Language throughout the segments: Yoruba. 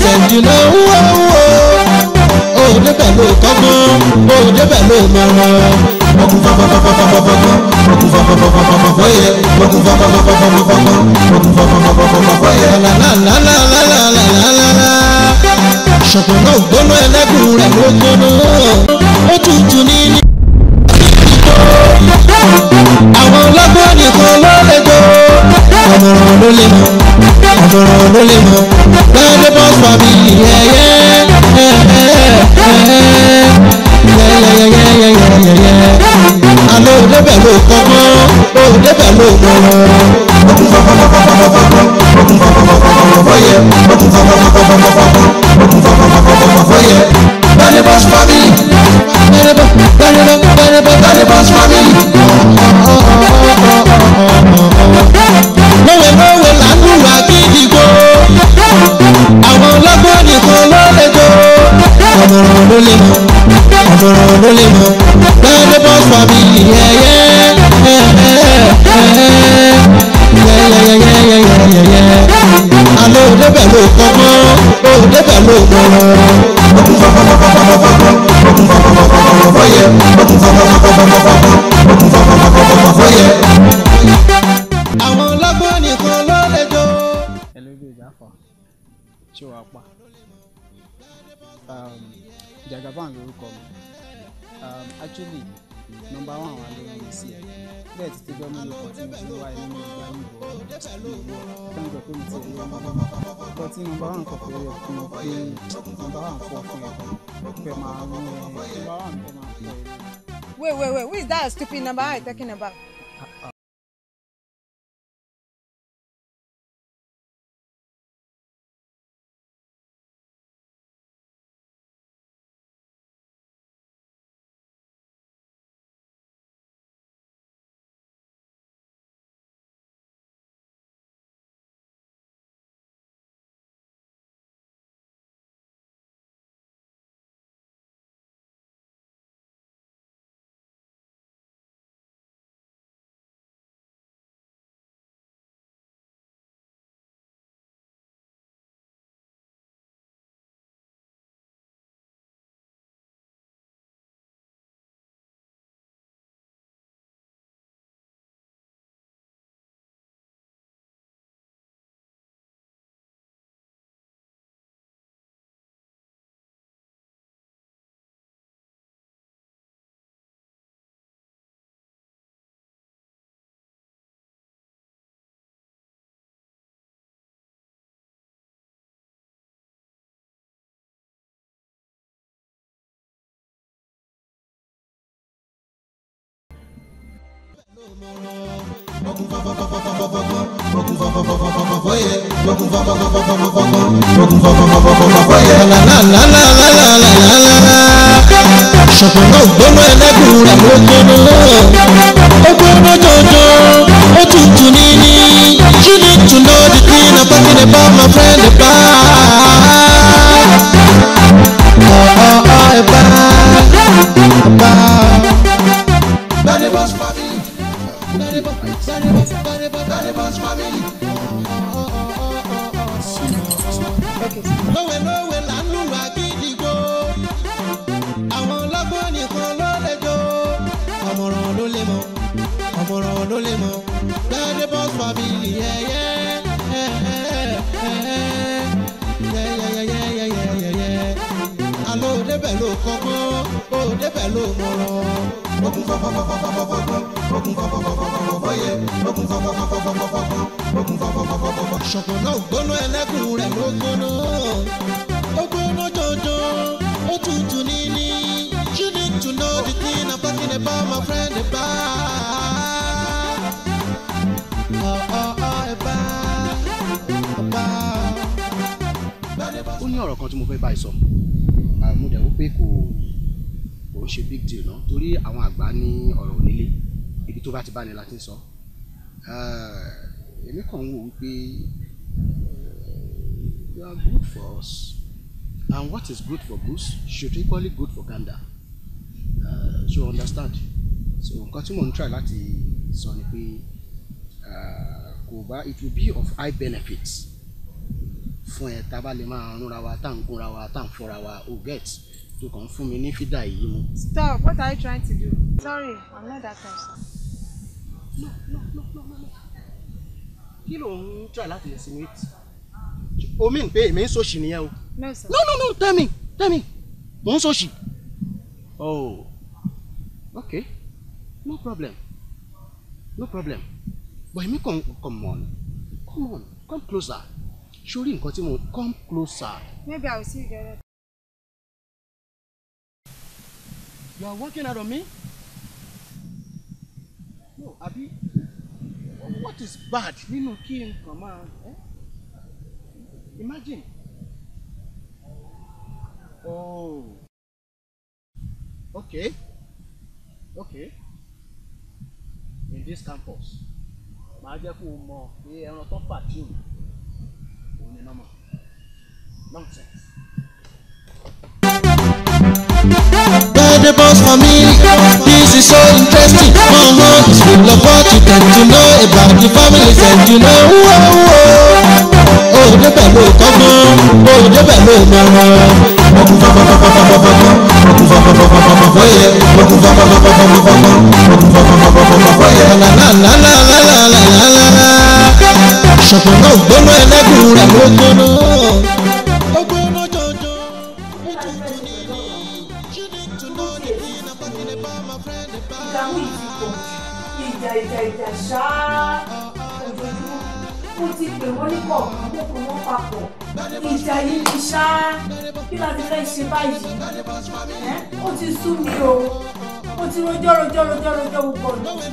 ṣèjì ló ń wọ́ wọ́ òun débẹ̀ ló kọ́gbọ́n òun débẹ̀ ló mọ̀rọ̀ mọ̀kún fọ́fọ́fọ́fọ́fọ́fọ́fọ́ mọ̀kún fọ́fọ́fọ́fọ́fọ́ yẹ mọ̀kún fọ́fọ́fọ́fọ́fọ́fọ́ mọ̀kún fọ́fọ́fọ́fọ́fọ́ yẹ. lálálálálálálálálá ṣọ̀pọ̀nà ògbóná ẹlẹ́gùn rẹ̀ ló gbóná ó tutù ní ní. àwọn ọlọ́gbọ́n nìkan ló ọ̀gọ̀rọ̀ ló lè mọ̀ ọ̀gọ̀rọ̀ ló lè mọ̀ lọ́dẹ bọ́s family yẹ́yẹ́ alo débẹ̀ ló kọ́ mọ́ o débẹ̀ ló kọ́ mọ́. Lọ́dẹ bọ́s family lọ́dẹ bọ́s family. ọ̀gọ̀rọ̀ ló lè mọ̀ ọ̀gọ̀rọ̀ ló lè mọ̀ lọ́dẹ bọ́ fàmìlì yẹ́yẹ́ yẹ́yẹ́yẹ́yẹ́yẹ́yẹ́ àlọ́ òdebẹ̀ ló kọ́ mọ́ òdebẹ̀ ló kọ́ mọ́. àwọn ọlọ́gbọ́n nìkan ló lè jọ. ẹ ló gbé ìjà fà ṣé wàá pa. um, Jagaban lorúkọ mi um, actually number one wà lórí mi sí ẹ bẹ́ẹ̀ ti tẹjọ mi lóko tí mo ṣe wá ẹni mi gba ní ìbò fún ìgbà pé mi ti rí ọmọ mi lọ tí number one kọ pé ẹ fún number one kọ fún ẹ pẹ máa ń ẹ number one kọ máa ń pẹ. wait wait wait who is that stupid number I'm talking about. ṣọ̀pọ̀nà ògbóná ẹlẹ́gùn rẹ̀ ló gbóná ó you need to know the I'm my friend the lówelówe là ń lùlù àgídìgbò àwọn ọlọ́gbọ́n nìkan ló lè jó ọ̀mọ̀ràn ló lè mọ̀ ọ̀mọ̀ràn ló lè mọ̀ Gbadebo's family yẹ́yẹ́. alo débẹ̀ ló kọ́kọ́ ó débẹ̀ ló mọ̀ràn ogun fọfọfọfọfọfọfọ ogun fọfọfọfọfọfọyẹ ogun fọfọfọfọfọfọ ogun fọfọfọfọfọ. ṣọ̀pọ̀nà ògbóná ẹlẹ́kùn rẹ̀ ló gbóná ó gbóná jọjọ ó tutù níní you need to know the thing I'm talking about my friend ẹ̀bá. ẹ̀bá ẹ̀bá. ó ní ọ̀rọ̀ kan tí mo fẹ́ bá ẹ sọ àmúdẹ̀wò pé kò ń ṣe big deal náà torí àwọn àgbà ní ọ̀rọ̀ onílé ibi tó bá ti bá ni la ti ń sọ èmi kàn ń wò wípé you are good for us and what is good for goose should equally good for gander uh, so understand so nǹkan tí mò ń try láti sọ ni pé kò bá it will be of high benefit fún ẹ tá a bá lè máa rúnra wa tá à ń gúnra wa tá à ń fọ́ra wa o get tó kàn ń fún mi ní fídà stop what are you trying to do sorry i'm not that person. no no no no no kí ló ń try láti insinuate omi ń pè é mi ń sòṣì o. no sir. no no no tell me tell me mo ń sòṣì. oh okay no problem no problem but èmi kàn come on come on come closer Surely, nǹkan tí mo come closer. maybe i will see you there. You are working out on me? No, Abi. What is bad? Nínú kí n kàn máa. Imagine. Oh. Okay. Okay. In this campus, màá jẹ́ kó o mọ̀ pé ẹran tó fà tí o òun ni nọ́mọ̀. Nonsense neighbors for me. This is so interesting. One more is full of what you tend to know about the family, and you know. Oh, débẹ̀ ló kọ́ mọ́, oh, débẹ̀ ló mọ̀ wọ́n. Ọkùn fàfàfàfàfàfàfà, ọkùn fàfàfàfàfàfà yẹ, ọkùn fàfàfàfàfàfà, ọkùn fàfàfàfàfàfà yẹ. Lálálálálálálálá. Ṣọ̀pọ̀ náà gbóná ẹlẹ́gùn rẹ̀ ló gbóná. ìjà ṣáá ojoojúmọ́ mo ti pè wọ́n ní kọ̀ọ̀kan mo pè wọ́n papọ̀ ìjà yìí ti ṣáá kí láti fẹ́ ṣe báyìí ẹ́ ó ti sú mi o mo ti rojọ́ rojọ́ rojọ́ rojọ́ gbogbo ọ̀nà ọ̀rọ̀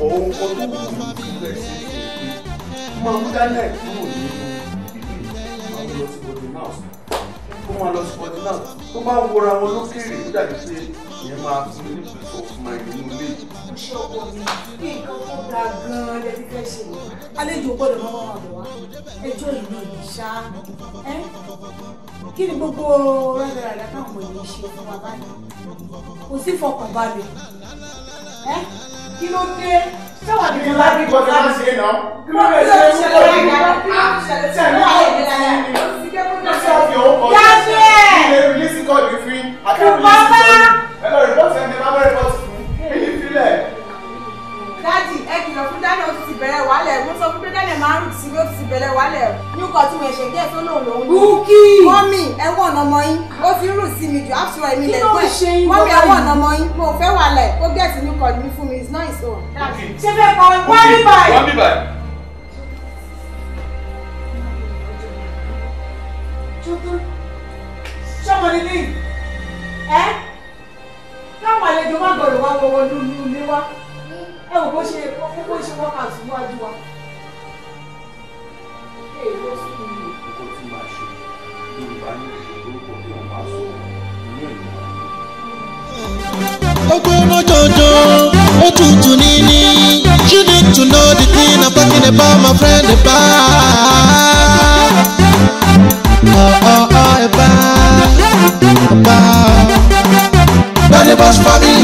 òun ọdún kù rẹ̀ sí i máa ń dálẹ̀ kúrò nínú ìlú àwọn ọlọ́sibọ̀dé náà sùn mú wọn lọ sí ọdún náà tó bá ń wọra wọn lókèrè ó dàbí pé ìyẹn máa fún mi ní ìfọ̀fúnmá ìdí inú ilé. iṣẹ́ ọkọ mi ní nǹkan tó ga gan-an lẹ́tí fẹ́ ṣe wò àlejò gbọ́dọ̀ mọ́ wọn lọ wá ẹjọ́ ìlú ìṣá ẹ́ kí ni gbogbo rádaràdà káwọn èèyàn ṣe fún wa báyìí kò sí fọkànbalẹ̀ ẹ́ kí ló dé sáwà kí ló dé kí ló dé náà kí ló dé ṣe ṣe lọ rí ká ṣe ní àwọn ìdílé ṣe àfi owó kọ sí ilé rìlísì kọ ní fún àti rìlísì kọ ní ẹ lọ rìpọ́tì ẹni bá bá rìpọ́tì fún èyí fílẹ̀. dájì ẹ kìlọ̀ fún dáná ó ti bẹ̀rẹ̀ wàhálà bẹ̀rẹ̀ wálẹ̀ nígbà tí mo ṣe díẹ̀ tó lòun lòun. Bukki. Mọ́mì ẹ̀wọ̀n ọ̀nà ọmọ yín. Ó fi rù sí mi jù after ẹ̀mí lẹ́gbẹ́. Kí ló ń ṣe yín bọ́lá yìí? Mọ́mì ẹ̀wọ̀n ọ̀nà ọmọ yín. Mo fẹ́ wàlẹ̀ ó gẹ̀ẹ́sì ní kọ̀ọ̀dù mi fún mi it's not his own. Ṣé fẹ́ kọ wá ní báyìí? Wá ní báyìí. Ṣọ́mọ ni ní? Ẹ́ káwọn àlejò má gbọ́dọ̀ wá wọ́wọ́ lúlú ilé wa. Ẹ wò bó ṣe wọ́pàá síwájú wa èèwọ̀ sí i kókó tí máa ṣe bí ìbá ní orúkọ tí wọ́n máa sọ ní ẹ̀yìn wọn. ó gbóná jọjọ ó tutù níní you need to know the thing i'm talking about my friend eba. Oh, oh, oh, eba. Eba. Garibas family.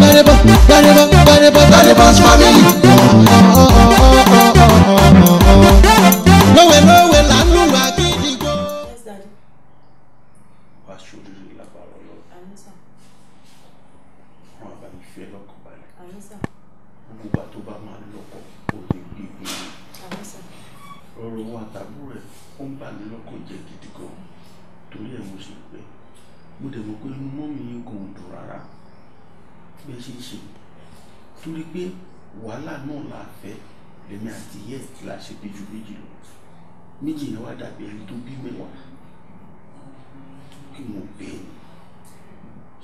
Garibas, Garibas, Garibas, Garibas family. Oh, oh, oh, oh, oh, oh, oh. oh. torí pé wàhálà náà là fẹ́ lèmi àti yẹ la ṣe péjú méjì lọ méjì yẹn wá dàbí ẹni tó bí mẹ́wàá kí mo bẹ ẹ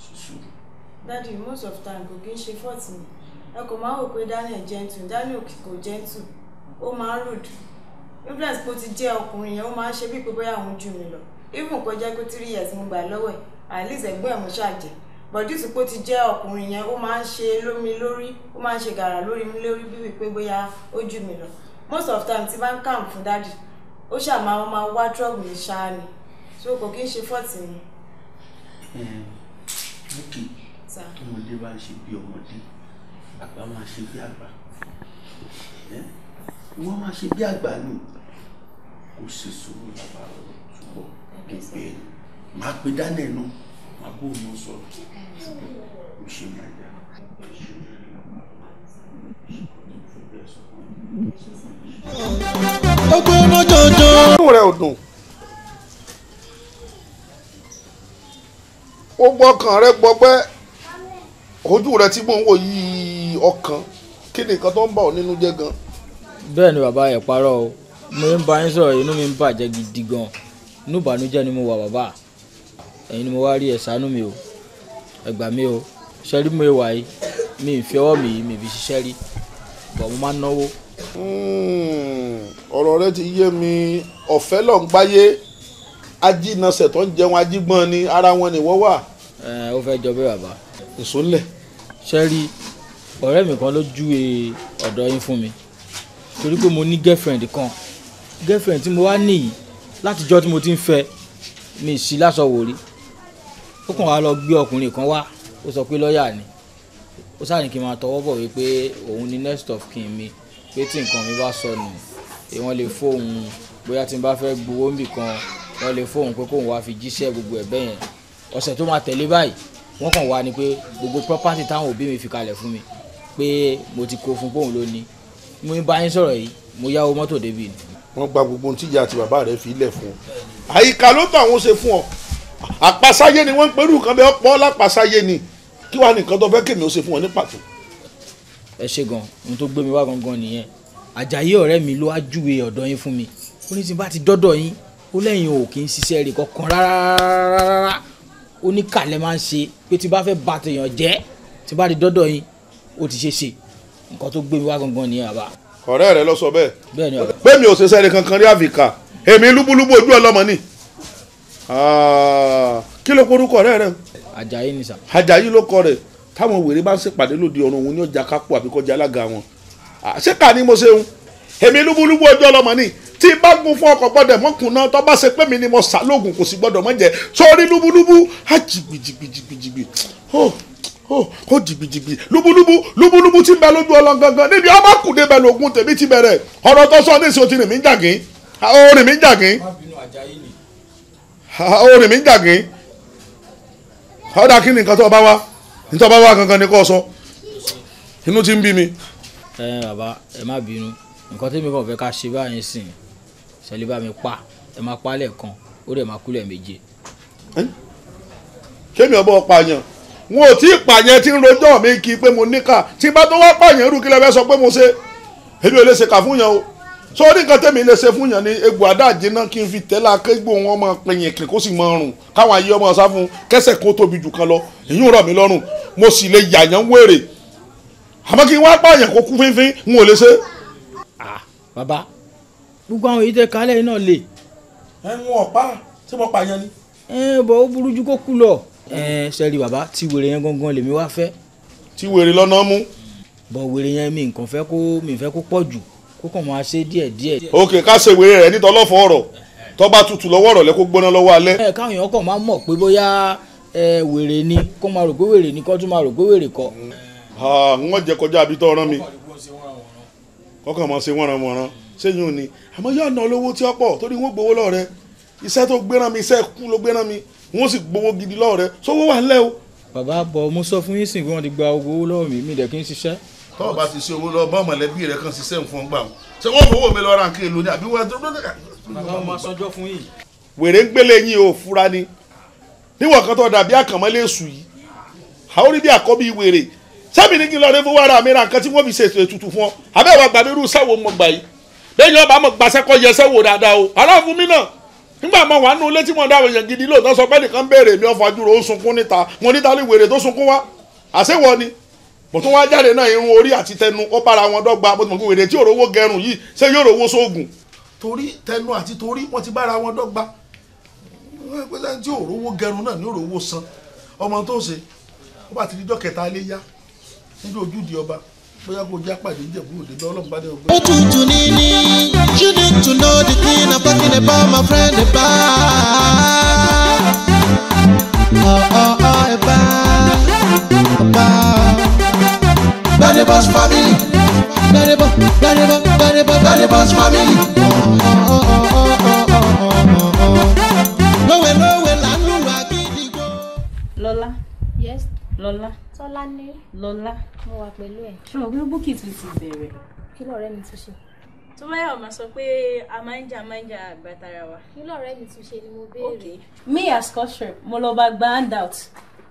ṣùṣù. dadi most of time kò kí n ṣe fọ́ọ̀tì ni ẹ kò máa ń rò pé daniel gentle daniel kò gentle ó máa ń rude influence bó ti jẹ́ ọkùnrin yẹn ó máa ń ṣe bí pé bóyá òun jù mí lọ even kó jẹ́ pé three years mo gbà lọ́wọ́ ẹ̀ at least ẹ̀gbọ́n ẹ̀ mo ṣáà jẹ́ bọ̀dú tí pé ó ti jẹ́ ọkùnrin yẹn ó máa ń ṣe lómi lórí ó máa ń ṣe gàrà lórí mi lórí bí wípé bóyá ó jù mí lọ most of time tí bá ń kàm fún dáàdì ó ṣàmà wọn máa wá drug mi ṣáá ni so kò kí ń ṣe fọ́ọ̀tì mi. ókè tọmọdé bá ń ṣe bí ọmọdé àgbà máa ṣe bí àgbà wọ́n máa ṣe bí àgbà nù kò sì sùúrù làbàrọ̀ ṣùgbọ́n kò pè é máa pe dánẹ̀ náà abóò náà sọ̀rọ̀ oṣù mẹ́rin. inú rẹ̀ ò dùn. gbogbo ọkàn rẹ̀ gbọgbẹ́ ojú rẹ̀ tí mò ń wò yìí ọkàn kí ni tó ń bà nínú jẹ́ gan. bẹ́ẹ̀ ni bàbá ẹ̀ parọ́ o mo ń bá yín sọ̀rọ̀ inú mi ń bàjẹ́ gidi gan inú ìbànújẹ́ ni mo wà bàbá ẹ̀yin ni mo wá rí ẹ̀ ṣàánú mi o ẹ gbà mí o ṣẹ́rí mi wà yìí mi ì fi ọwọ́ mi yìí mi fi ṣiṣẹ́ rí bọ̀ mo máa ń náwó. Hmm, ọ̀rọ̀ rẹ ti yé mi ọ̀fẹ́ lọ́n gbáyé ajínasẹ̀ tó ń jẹun ajígbọ́n ni ara wọn ni wọ́n wà. ẹ ó fẹ́ jọ bẹ́ẹ̀ bàbá. èso ńlẹ̀. ṣẹ́rí ọ̀rẹ́ mi kan ló júwe ọ̀dọ̀ yín fún mi torí pé mo ní girlfriend kan girlfriend tí mo wá níyì látijọ́ tí mo ti ń fẹ́ mi sí lásọ̀wò rí ó kàn wá lọ gbé ọkùnrin kan wá ó sọ pé lọ́ọ̀yà ni ó sáà ní kí n máa tọwọ́ bọ̀ wípé òun ni next of kin mi pé tí nǹkan mi bá sọnù èèwọ̀n lè fóun bóyá tí n bá fẹ́ gbowó nbì kan wọ́n lè fóun pé kóun wá fi jíṣẹ́ gbogbo ẹ̀ bẹ́yẹn ọ̀sẹ̀ tó máa tẹ̀lé báyìí wọ́n kàn wá ni pé gbogbo property táwọn òbí mi fi kalẹ̀ fún mi pé mo ti kó fún póun lónìí mo ń bá yín sọ̀rọ̀ yìí mo yáwó mọ́tò débi ni. wọ́n gba gbogbo ohun tíjà àti bàbá rẹ̀ fi ilẹ̀ fún ọ àyíká ló tàn wọ́n ṣe fún ọ àpasáyé ni wọ́n ń perú nǹkan bẹ́ẹ̀ ọ̀pọ̀ lápasáyé ni kí wàá nìkan tó fẹ́ kèmí ó ṣe fún wọn ní pàtó. ẹ ṣe gan ohun tó gbé mi wá gangan nìyẹn àjàyí ọ̀rẹ́ mi ló wá júwe ọ̀dọ̀ yín fún mi ó ní tí bá ti dọ́dọ̀ yín ó lẹ́yìn ò kì í ṣiṣẹ́ rẹ̀ kankan rárá ó ní kàlẹ́ máa ń ṣe pé tí bá fẹ́ ba tèèyàn jẹ́ tí bá ti dọ́dọ̀ yín ó ti ṣe ṣe nǹkan tó gbé mi wá gangan nìyẹn àbá. ọ̀rẹ́ rẹ lọ sọ bẹ́ẹ̀ bẹ́ẹ̀ mi ò ṣiṣẹ́ rẹ̀ kankan rí àfìkà èmi lúbúlúbú ojú ọlọ́mọ ni. Ah, kí ló korúkọ rẹ rẹ. ajayi ni sa. ajayi ló kọ rẹ táwọn wèrè bá ń ṣèpàdé lòdì ọ̀run òun ni ọjà kápò àbí kọjá alága wọn ah, ṣé kà ni mo ṣe ń èmi lúbúlúbú ọjọ́ ọlọ́mọ ni tí bá gun fún ọkọ̀ gbọ́dọ̀ mọ́kùn náà tó bá ṣe pé mi ni mo sá lóògùn kò sì gbọ́dọ̀ mọ́ jẹ sórí lúbúlúbú á jìgbìjìgbìjìgbì ó jìgbìjìgbì lúbúlúbú lúbúlúbú ti ń bẹ lójú ọlọ́ gangan níbi ọmọkùnrin bẹ lóògùn tèmi ti bẹ̀rẹ̀ ọ̀rọ̀ tó sọ ní ìṣòtì rìn mí jàgín ó rìn mí jàgín ọ̀dà kí ni nǹkan tó bá wá ní tó bá wá gangan ni kò sọ inú ti ń bí mi. ẹ ẹ bàbá ẹ má bínú nǹkan tí mi kàn fẹ́ ká ṣe báyìí sìn ṣẹlẹ̀ bá mi pa ẹ má pa lẹ́ẹ̀kan ó dẹ̀ má kú lẹ́ẹ̀méje. kémi ọbọ pààyàn wọn ò tí ì pààyàn tí ń rojọ́ mi kí pé mo níkà tí bá tó wá pààyàn rú kí lè fẹ́ sọ pé mo ṣe èmi ò lè ṣe fún yẹn o sórí nǹkan tẹ̀mí lè ṣe fún yàn ní egbò adáàjẹ náà kí n fi tẹ́lá kégbò wọn máa pẹ̀yìn kì kó sì máa rùn káwọn ayé ọmọ sá fún kẹsẹ̀ kó tóbi jù kan lọ èyí ń rọ̀ mí lọ́rùn mo sì lè yàyàn wèrè àmọ́ kí n wá pààyàn kó kú fínfín n ò lè ṣe. bàbá gbogbo àwọn èyí tẹ kálẹ̀ yìí náà lè. ẹ ń wọn ọ̀pá tí mo pààyàn ni. ẹ bọ̀ ó burú ju kó kú lọ. ẹ sẹ́rí bàbá bọ̀ wèrè yẹn mi nǹkan fẹ́ kó mi fẹ́ kó pọ̀ jù kókàn máa ṣe díẹ̀ díẹ̀. ok ká ṣe ìwé rẹ nítorí ọlọ́fọ̀ ọ̀rọ̀ tó bá tutù lọ́wọ́ ọ̀rọ̀ lẹ kó gbóná lọ́wọ́ alẹ́. ẹ káwọn èèyàn kàn máa mọ̀ pé bóyá wèrè ni kó máa rò pé wèrè ni kó tún máa rò pé wèrè kọ́. wọ́n jẹ kọjá àbí tọ́ ọ̀rán mi kọ́kàn máa ṣe wọ́nranwọ́nran sẹ́yìn ò ní àmọ́ yóò ná olówó tí ó pọ̀ torí wọ́n gbowó lọ́ọ̀rẹ́ iṣẹ́ tó gbéra mi iṣẹ́ kú ló gbéra mi wọ́n sì gbowó gidi lọ́ọ̀rẹ́ sówó wà lẹ́ o. bàbá bọ̀ mo sọ fún yín sìn pé wọ́n ti gba owó lọ́wọ́ mi mi dẹ̀ kí n ṣiṣẹ́ tọ́ ọ bá ti ṣe owó lọ bá mọ̀lẹ́bí rẹ kan ṣiṣẹ́ nǹkan gbà wọn ṣé wọ́n fowó mi lọ ra nǹkan èlò ni àbí wọ́n dúró dúró. bàbá ọmọ sọjọ́ fún yìí. wèrè ń gbélé yín o fura ni níwọ̀n kan tó dàbí àkànmọ́lé èṣù yìí àwọn orí bí àkọ́bí wèrè sábì ní kí n lọ rí fowó ara mi ra nǹkan tí wọ́n fi ṣe ètò ètùtù fún ọ àbẹ́wò àgbàdúrú sáwo mọ̀ gbà yìí bẹ́ẹ̀ ni ọba mọ̀ gbàsẹ́kọ̀ yẹsẹ́ wò dáadáa o aláàfin mi náà nígbà máa wà nínú ilé tí mo dá àwọn èèyàn gidi lóòótọ́ sọ pé nìkan béèrè mi ọ̀fọ̀ àjùrò ó sunkún níta mo níta lè wèrè tó sunkún wá àṣewọ ni bó tún wá jáde náà irun orí àti tẹnu ó bára wọn dọ́gba bó ti mọ̀ pé wèrè tí yóò rówó gẹrun yìí ṣé yóò rówó sóògùn. torí tẹnu àti torí wọn ti bára wọn dọ́gba pẹ́sẹ́ tí yóò rówó gẹrun náà ni yóò rówó san ọmọ tó ṣe ó bá ti di dọ́kẹ̀ta alẹ́ yá níbi ojúde ọba bóyá kó jẹ́ àpàdé ìjẹ̀bú òde bẹ́ẹ̀ ọlọ́run bá dé ọgbẹ́. ó tutù ní you need to know the thing I'm talking about my friend oh oh oh, ẹ̀bá ọ̀bá. Garibos family. Garibos, Garibos, Garibos, Garibos family. Lọ́wẹ̀ lọ́wẹ̀ lánú àgídìgbò. Lọ́lá. Yes. Lọ́lá. Tọ́lání. Lọ́lá. Mo wà pẹ̀lú ẹ̀. Ṣé o gbé bókì tún ti bẹ̀rẹ̀? Kí lọ̀rẹ́ mi tún ṣe? tó bá yà ọmọ sọ pé a máa ń jà máa ń jà àgbàtara wa. nílò ọ̀rẹ́ mi tún ṣe ni mo béèrè. okay me as culture mo lọ bá gba handout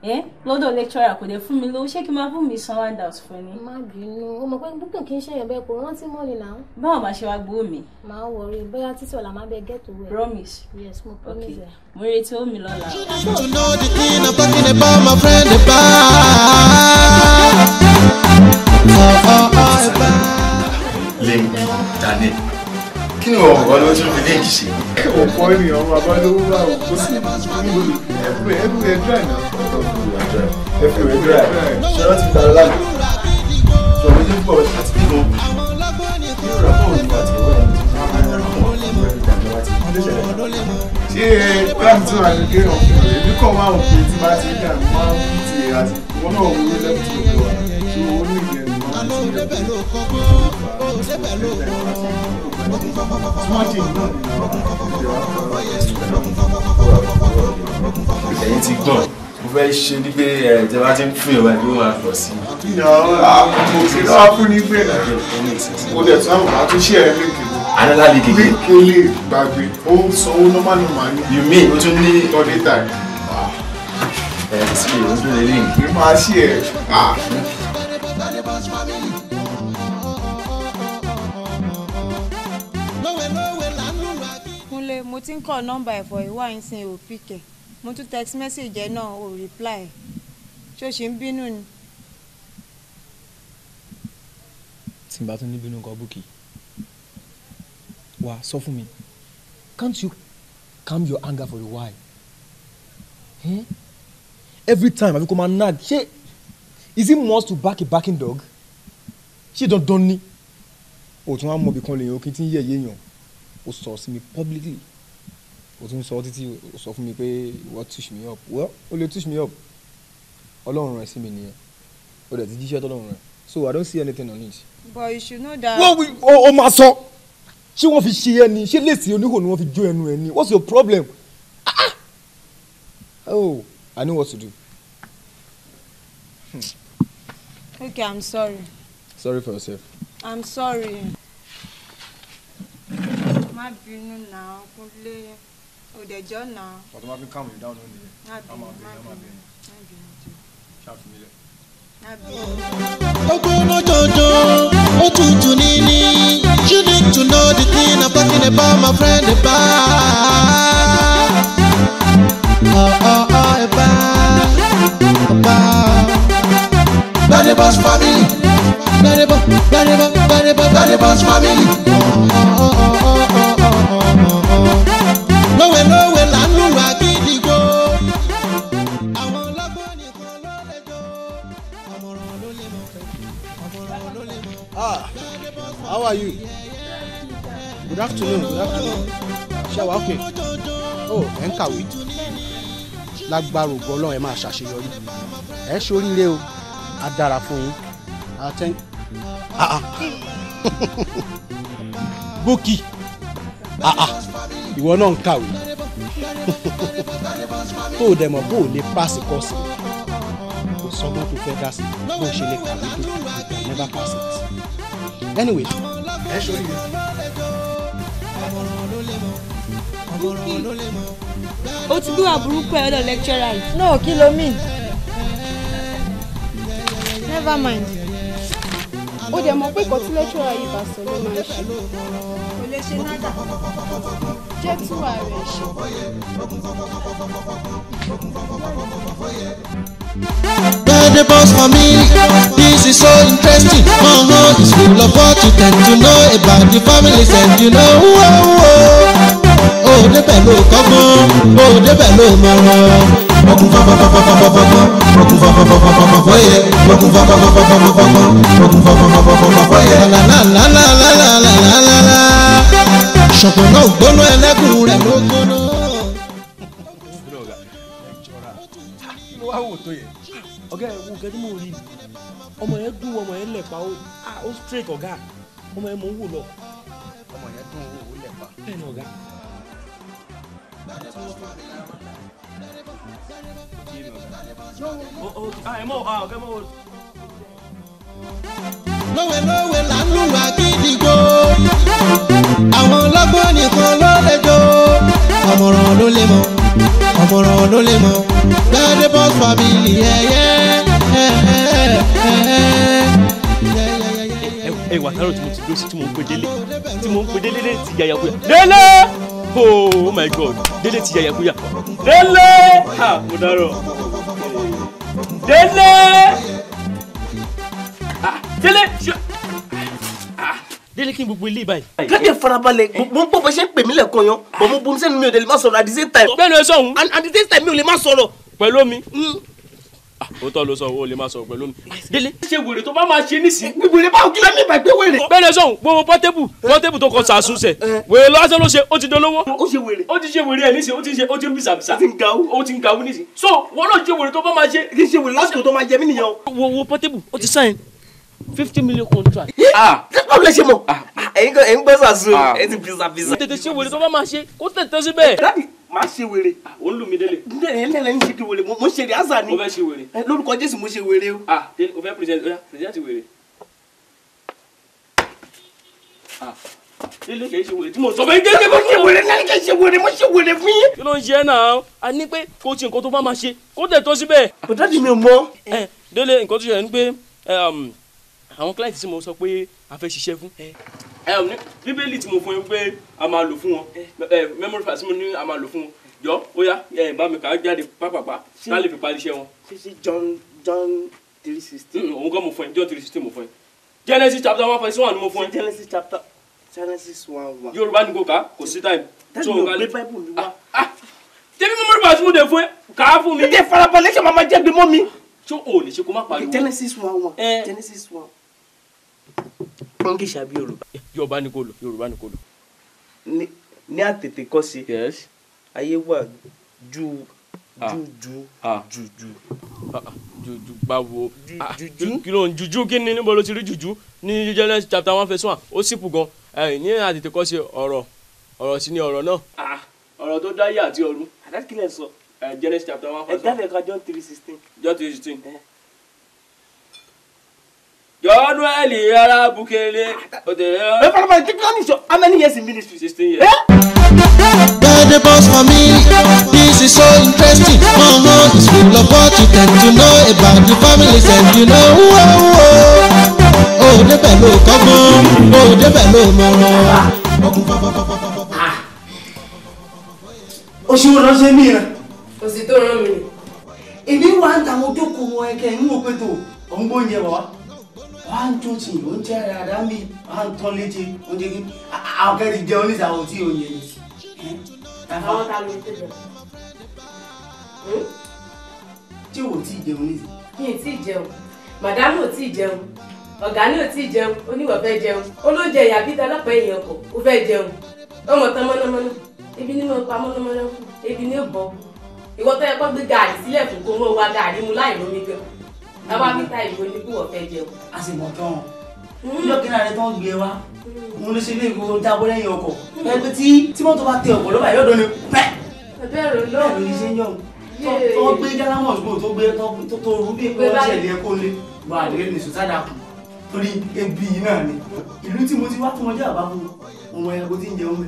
Eh? lọ́dọ̀ lecturer kò dé fún mi lówó ṣé kí n máa fún mi san one thousand fún ni. má bínú o mọ̀ pé búkìn kì í ṣe èèyàn bẹ́ẹ̀ kò rántí mọ́ni náà. báwo máa ṣe wá gbowó mi. máa ń wọrí bóyá títí ọ̀la máa bẹ gẹ́tò rẹ̀. promise. yes mo promise ẹ. mo retí ó mi lọ́la. you know the thing i'm talking about my friend lẹ́yìn daniel kí ni ọ̀rọ̀ ọ̀rọ̀ tí fi lẹ́yìn ṣe. ọ̀pọ̀ ènìyàn bàbá ló wà kó sí ìbùdó ẹ̀bùrẹ̀ ẹ̀bùrẹ̀ dry náà. If you regret, òwe dúrà ẹ̀ ṣé wọ́n ti dára lánàá ṣọ̀ wọ́n ti bọ̀ láti bí wọn ní ìrọ̀ fún òun àti ìwé ṣé láti tún àti gé ọ̀pọ̀ èmi kọ̀ máa ń pè tí bá ti dà máa ń fi tiẹ̀ àti wọn náà wúlò lẹ́kùn tó lọ ṣé owó ní ìyẹn ni ti ń bẹ̀rẹ̀ wọ́n ti ń bọ̀ ẹ̀yìn ti gbọ̀n fẹ́ ṣe ni pé ìjọba ti ń fún ìwà ìlú máa pọ̀ sí i. ìyàwó àpò tí wọ́n fún ní gbé kò dẹ̀ tún àwọn àtúnṣe ẹ̀ lè kéde. anala lè kéde. lè gbàgbé ó ń sanwó normal normal ní. you mean o tún ní. ọdẹ tàbí. ẹ ẹ sí ìwé tó lè rí. ìmọ̀ àṣẹ ẹ̀. mo ti ń kọ́ nọ́mbà ẹ̀fọ́ ìwá yín sin òpìkẹ́ mo tún text message ẹ náà ò reply ṣé o ṣì ń bínú ni. tí n bá tún ní bínú nǹkan búkì wá sọ fún mi can't you calm your anger for a while hmm? every time àbí kò máa nag ṣé is it must to back a backing dog ṣé dandan ni òtún á mọ̀ bí kan lèèyàn kí n ti ń yẹ̀yẹ́ yàn ó sọ̀rọ̀ sí mi publicly o tún sọ títí o sọ fún mi pé ìwọ touch me up well o lè touch me up ọlọ́run rẹ sí mi nìyẹn o dẹ̀ ti jíṣẹ́ tọ́lọ́run rẹ so i don't see anything on it. but you should know that. wọ́n wí o máa sọ ṣé wọ́n fi ṣe ẹni ṣé lèsì oníhò ni wọ́n fi jó ẹnu ẹni what's your problem ah, ah oh i know what to do. Hmm. okay i'm sorry. sorry for yourself. i'm sorry. má bínú náà kúnlé òdẹjọ náà. ọtọ máa fi kàwọn ìdáhùn lónìí rẹ a máa bẹ̀rẹ̀ a máa bẹ̀rẹ̀ ṣàfihàn. Ogbono jojo, òtútù nini, you need to know the thing I'm talking about my friend Eba. Oh, oh, oh, Eba, Eba. Gbadebo's family. Gbadebo, Gbadebo, Gbadebo, Gbadebo's family. oh, oh, oh. How are you? Good afternoon. Good afternoon. Ṣé wàá okay? Oh, ẹ̀ ń kàwé. Lágbára ògbó ọlọ́run ẹ máa ṣàṣeyọrí. Ẹ ṣoríire o, á dára fún yín. Àtẹ́n. Ah, ah. Bókì. Ah, Ìwọ náà ń kàwé. Tó o dẹ̀ mọ̀ bó o lè pàṣẹ kọ́sì kò sọ́gbọ́n tó fẹ́ dá sí bó ṣe lè kàwé tó you can never pass it. anyway ẹ ṣòrí rẹ. ó ti gbé àbúrú pẹ́ ọ̀dọ̀ lecturer yìí. no kí ló mean never mind. ó dẹ̀ mọ̀ pé kò sí lecturer yìí bá sọ ló máa kò lè ṣe nádà jẹ́ túwà rẹ̀ ṣe. Yeah neighbors for me. This is so interesting. My heart is full of what you tend to know about the families and you know. Oh, oh. oh débẹ̀ come on. oh débẹ̀ ló mọ̀ràn. Ọkùn fọ́fọ́fọ́fọ́fọ́fọ́fọ́, ọkùn fọ́fọ́fọ́fọ́fọ́fọ́ yẹ, ọkùn fọ́fọ́fọ́fọ́fọ́fọ́, ọkùn fọ́fọ́fọ́fọ́fọ́ yẹ. Lálálálálálálálálá. Ṣọ̀pọ̀ náà gbóná ẹlẹ́kùn rẹ̀ ló gbóná. Kí ló wá wò tó yẹ? ọ̀gá ẹ̀ wo nǹkan tí mò rí ọmọ yẹn dùn ọmọ yẹn lẹ̀pa ó ó straight ọ̀gá ọmọ yẹn mò ń lọ. ọmọ yẹn dùn ó lẹ̀pa. bẹ́ẹ̀ ni ọ̀gá. lówe ah, lówe là ń àwọn ọlọ́gbọ́n nìkan ló lè jó ọmọràn ló lè mọ ọmọràn ló lè mọ Gbadebo family ẹ̀yẹ́ ẹ wà tààrọ̀ tí mo ti dúró sí tí mo ń pè délé tí mo ń pè délé ti yàyà kúyà délé oh my god délé ti yàyà kúyà délé ha mo dárọ̀ délé ah, délé ah, délé kí n gbogbo ilé báyìí. kéde farabalẹ̀ mo ń bọ̀ fẹ́ ṣe pè mí lẹ́kọ̀ọ́ yan bọ̀ mo bomi sẹ́nu mi ò lè má sọ̀rọ̀ at the bẹ́ẹ̀ ni ẹ sọ̀hún. at the mi ò lè má sọ̀rọ̀. pẹ̀lú mi. Hmm o ah, tọ́ ló sọ o lè máa sọ pẹ̀lú mi. délé ṣe wèrè tó bá máa ṣe nísìn. wèrè báwo kí lẹ́mí ìbàgbé wèrè. bẹ́ẹ̀ sọ̀hún gbogbo pọ́tébù pọ́tébù tó kọ sàásùn sẹ̀ eh, eh. wèrè lọ́sẹ̀ ló ṣe ó ti dolówó. ó ṣe wèrè ó ti ṣe wèrè ẹ̀ nísìn ó ti ṣe ó ti ń bìsàbìsà. ó ti ń gawú ó ti ń gawú nísìn. so wọn náà ṣe wèrè tó bá máa ṣe. kì í ṣe wèrè lásìkò tó máa jẹ mí nìyẹn. wo wo pọ́tébù ó ti sáyẹn fifty million contract. ah báwo lè ṣe mọ. Ah. Ah, ẹ̀yin gbọ́dọ̀ sàásùn ẹ̀ ti bìsàbìsà. tètè ṣe wèrè tó bá máa ṣe kó tètè síbẹ̀ má ṣe wèrè. ò dele lù mí délé. délé lẹ́lẹ̀ ń ṣe wèrè mo ṣe rìhásà ni. mo fẹ́ ṣe wèrè. lórúkọ jésù mo ṣe wèrè o. ah délé o fẹ́ pírẹsẹ̀ntì ọ̀yà pírẹsẹ̀ntì wèrè. délé kì í ṣe wèrè tí mo sọ fẹ́. délé mo ṣe wèrè lẹ́lẹ̀ kì í ṣe wèrè mo ṣe wèrè fún yín. kí ló ń ṣe ẹ́ náà a ní pé kó o ṣe nǹkan tó bá máa ṣe kó dẹ̀ tó síbẹ̀. bàtà ti mi mọ. délé nǹkan tó ṣe bíbélì tí mo fún yín pé a máa lò fún wọn memory verse mo ní a máa lò fún wọn jọ ó yá bá mi kà á jáde pápápá ká lè fi parí iṣẹ́ wọn. ṣíṣí John John three sixteen. Mm, òun kọ́ mo fún yín John three sixteen mo fún yín Genesis chapter one verse one ni mo fún yín. Genesis chapter Genesis one one. Yorùbá ni kò kà kò sí time. so o ka lè ah, ah, tẹ́bí memory verse mo dé fún yín kà á fún mi. ní tẹ farabalẹ̀ ṣe máa ma jẹ́ gbé mi. ṣé o ò lè ṣe kó má pariwo. Genesis one one eh. Genesis one english àbí yorùbá. yorùbá ni kò lò yorùbá ni kò lò. ní àtètè kọ́ sí. yes. ayé wà ju ah. ju ju ah. ju ju. juju ah, báwo kí ló ń juju kí ni níbo ló ti rí juju ní Genesis chapter one verse one ó sípù gan eh, ní àtètè kọ́ sí ọ̀rọ̀ ọ̀rọ̀ sí ni ọ̀rọ̀ náà. ọ̀rọ̀ tó dáyé àti ọ̀run. àdákìlẹ̀ sọ. Eh, Genesis chapter one verse one. ẹ̀dá lẹ́ka John three sixteen. John three sixteen. Eh. John Welly, Yara Bukele. Hey, Father, my technology is how many years in ministry? 16 years. God the boss for me. This is so interesting. My mom is full of what you tend to know about the families and you know. Whoa, oh, oh. whoa. Oh, the bello oh, come on. Oh, the bello mama. O ṣe oh, ah. lọ ṣe mí oh, Òsì tó rán mi. Èmi wà ń ta àwọn ojókòó wọn ẹ̀kẹ́ ń wò pé tó ò ń gbóúnjẹ wá wọ́n á ń tún tì ó ń jẹ́ dáadáa mi wọ́n á ń tán létí oúnjẹ kí àwọn kẹ́rì jẹun níta ò tí hmm? ò yẹ ni. àwọn ta ló ti bẹ̀. tí wò ó tí ì jẹun níta. mi ì tí ì jẹun màdámù ò tí ì jẹun ọ̀gá ni ò tí ì jẹun oníwọ̀ fẹ́ jẹun olóúnjẹ ìyàbíta lọ́pọ̀ ẹ̀yìn ọkọ̀ ó fẹ́ jẹun ọmọ tán mọ́nàmọ́ná ebi ni mo pa mọ́nàmọ́ná ebi ni ó bọ̀ ìwọ́tọ́ ẹ̀kọ́ gbé gàrí sílẹ̀ fún kó mọ́ wa gàrí mu láì lómi gan àwa níta ìlú ni kí wọ́n fẹ́ jẹun. a sì mọ̀ tán yóò kí náà rẹ tó ń gbé wa mo lè ṣe ilé ìgbò jábọ́ lẹ́yìn ọkọ̀ ẹgbẹ́ tí tí mọ́tò bá tẹ ọ̀pọ̀ lọ́ba yọ̀dọ̀ ni pẹ́. bẹ́ẹ̀ ló lọ́ọ̀ ní ṣe ń yọ̀ tó gbé galamọ̀s bò tó gbé tó rú bí pé wọ́n ṣẹlẹ̀ kó lé wà lé ní sòtádà kù torí ebi náà ni ìlú tí mo ti wá tí mo jẹ́ àbá fún ọmọ ẹ̀yà kó ti ń jẹun mi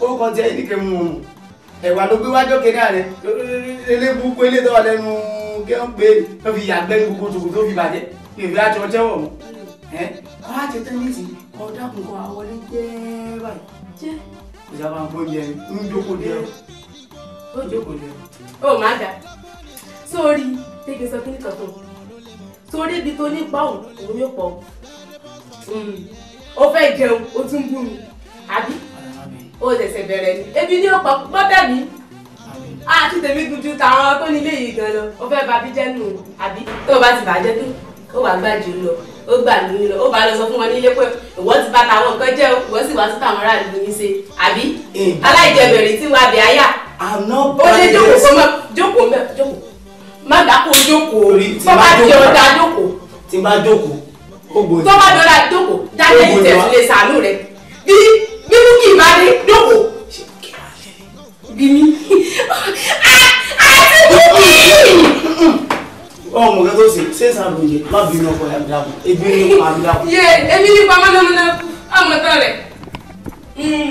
ó kọ́ tiẹ̀ ìdíkẹ́ mu ẹ̀wà ló gbé wájọ́ kẹ́ni àrẹ lélébú gẹ́ ń pé wọ́n fi yàgbẹ́ ní gbogbo tòkòtò fi bàjẹ́ ìrìn àjọ jẹ́wọ̀ mu ẹ́ wọ́n á ti tẹ́ ní ìsìn kọ́ dákun kọ́ àwọlé jẹ́ báyìí jẹ́ ìjọba ń bóyá ń jókòó dé ọ ó jókòó dé ọ. ó má dà sórí tẹ́gbẹ́ sọ kíní kankan sórí ibi tó ní pọ́ùn òun yóò pọ̀ ó hmm. fẹ́ jẹun ó tún bú mi àbí ó lẹ̀sẹ̀ bẹ̀rẹ̀ ni ebi ní ó pọ̀ bọ́ bẹ́ẹ̀ mi a ah, ti tèmi gun ju tàwọn tó nílé yìí gan lọ ó fẹ́ ba bíjẹ́ nù àbí tó o bá ti bàjẹ́ tó ó wàá gbàjú lọ ó gbà lóyún lọ ó bá lọ sọ fún wọn nílé pé ìwọ ti bá tàwọn nǹkan jẹ́ ìwọ sì wá sí tàwọn aráàlú yín ṣe àbí aláìjẹbẹ̀rẹ̀ tí wàá bẹ̀ áyà ó lè jókòó kó mọ jókòó mẹ jókòó má dákò jókòó tó bá di ọ̀dà jókòó tí bá jókòó tó bá di jókòó dájẹ́ ìtẹ̀sílẹ̀ sàánú rẹ bí bí mú kì í bá dé jókòó bímí àti bímí. ọmọ kẹtọ ṣe ṣé sàn ló jẹ má bínú ọkọ yà dàbọ ebi ní pa mi dàbọ. yé ebi ní pa mọ́nà mọ́nà àmọ́tọ́ rẹ̀ ọdọ́kùnrin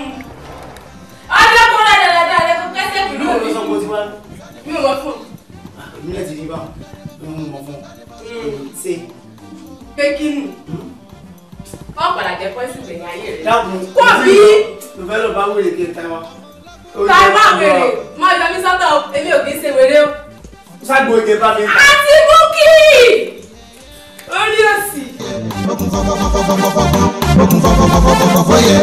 hmm. àdàlàdà rẹ̀ kò kẹ́sẹ̀ kìlú mi. mi ò wọ́n fún. Ah, mi lè ti rí bá wọn mọ̀ fún hmm. ṣe. pé kí ni hmm? wọ́n padà jẹ́ pọ́sibẹ̀ ní ayé rẹ̀. dábùú kò bí. mo fẹ́ lọ bá wúre kí n ta wa káìmá wèrè má yọ mí sọ́tọ̀ èmi ò kì í ṣe wèrè o. ságbo oge bá mi. àti búkì orí òsì. okun fọfọfọfọfọfọ okun fọfọfọfọfọfọ yẹ.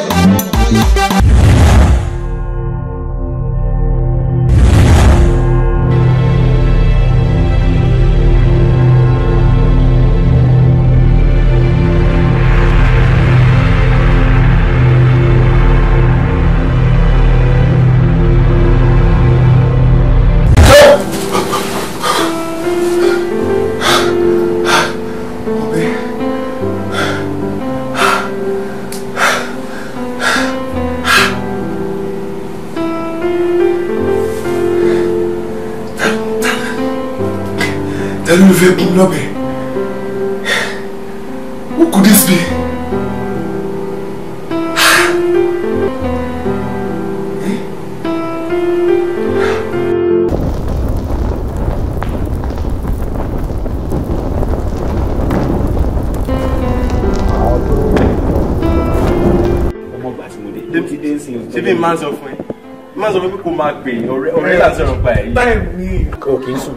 ọ̀rẹ́ láti sọ̀rọ̀ pa ẹ̀ yìí. táì mi. kò kì í sùn.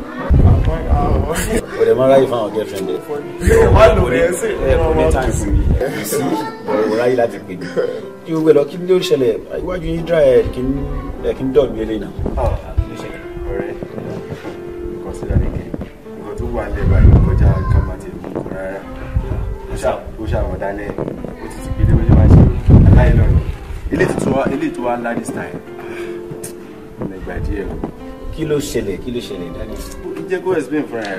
ọ̀rẹ́ máa ráyè fáwọn girlfriend ẹ̀. wà á lò rẹ̀ ṣe ọmọ ọmọ tó sì. sí ọ̀rẹ́ ráyè láti pè mí. kí gbogbo ẹ̀ lọ kí ló ṣẹlẹ̀ iwájú yín dra ẹ̀ ah, kí n dọ̀lú eléyìí náà. ọ̀rẹ́ nǹkan sí lálẹ́ nǹkan tó wà lẹ́bàá yìí kọjá kàmáàtì ìlú ilé wọ́n ṣe ilé tuntun wa ńlá this time kí ló ṣẹlẹ̀ kí ló ṣẹlẹ̀ dáadé. jẹ́ kó explain fún ẹ.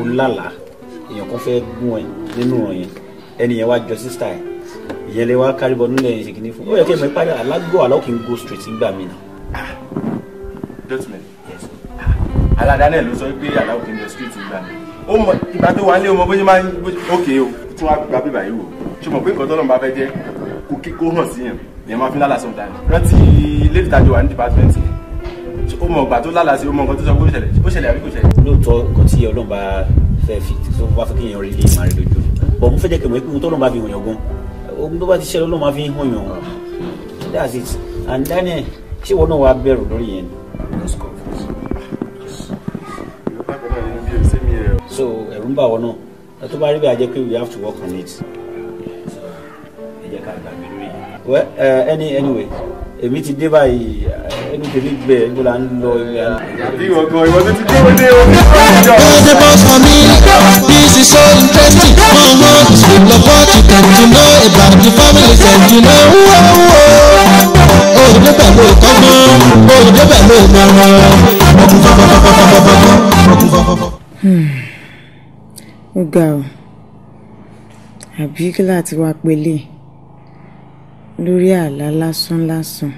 o lálà èèyàn kan fẹ́ gún ẹ nínú ọ̀ràn yẹn ẹni yẹn wá jọ sísítà ẹ ìyẹn lè wá kárí bọ nílẹ̀ yẹn ṣèkínní fún ó yẹ kí ẹ mọ̀ ipá dára alágbó aláwọ̀ kì í go straight nígbà mí nà. aládàá náà ah. ah. ló sọ pé aláwọ̀ kì í go straight nígbà mí ó mọ ìgbà tó wà nílé o mọ bó ṣe máa ń ókè o tún wá gba bíbà yìí wò ṣe mọ̀ pé nǹkan tọ́lọ̀ bá fẹ́ jẹ́ kó kí kó hàn síyàn ìyẹn máa fi lálà sometimes rántí ilé ìtajà wà ní department ó mọ ìgbà tó lálà sí ó mọ nǹkan tó sọ pé ó ṣẹlẹ̀ ó ṣẹlẹ̀ àbí kò ṣẹlẹ̀. lóòótọ́ nǹkan tí Ọlọ́run bá fẹ́ fi tó bá fẹ́ kéèyàn rí lè máa rí lójú bọ̀ mo fẹ́ jẹ́ kẹ̀mọ́ pé tọ́lọ́run bá fi hàn yàn gan ogun tó bá ti ṣẹlẹ̀ Ọlọ́run so ẹ̀rù ń bà wọ́n náà tó bá rí bẹ́ẹ̀ àjẹ́ pé we have to work on it ẹ jẹ́ ká gbàgbé lórí well uh, any anyway èmi ti dé báyìí ẹni tèmi gbẹ ẹgbẹ́ la ń lọ ilé àbí ìwọ gan ìwọ tó ti dé wọlé o. the boss for me this is so interesting one one is full of what you can to know about the families and you know who are who are. o pẹ̀lú ìkọ́gbọ́n o pẹ̀lú ìmọ̀ràn ọkùnfọ́fọ́fọ́fọ́fọ́fọ́ ó ga ọ àbí kí láti wá pélé e? lórí àlá lásán lásán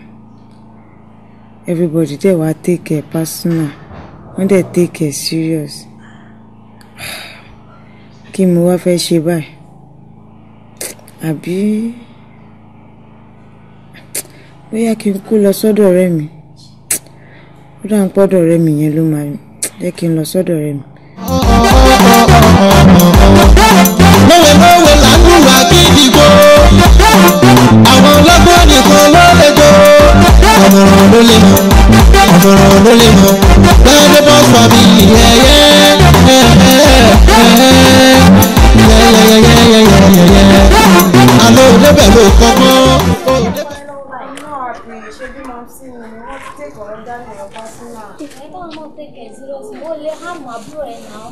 everybody dẹ̀ wá take care personal wọ́n dẹ̀ take care serious kí mo wá fẹ́ ṣe báyìí àbí bóyá kí n kú lọ sọ́dọ̀ ọ̀rẹ́ mi ó dáhùn pọ́dọ̀ ọ̀rẹ́ mi yẹn ló máa jẹ́ kí n lọ sọ́dọ̀ ọ̀rẹ́ mi lówe lówe làlúwà kídìgbò àwọn ọlọ́gbọ́n nìkan ló lè gbó ọ̀mọ̀ràn ló lè mọ̀ ọ̀mọ̀ràn ló lè mọ̀ lọ́dẹ̀ bọ́ fàmìlì ẹ̀yẹ yẹ́yẹ́yẹ́yẹ́yẹ́yẹ́yẹ́ àlọ́ òdebẹ̀ ló kọ́ mọ́. Take care, zero, zero, le ham aburo ẹ̀ náà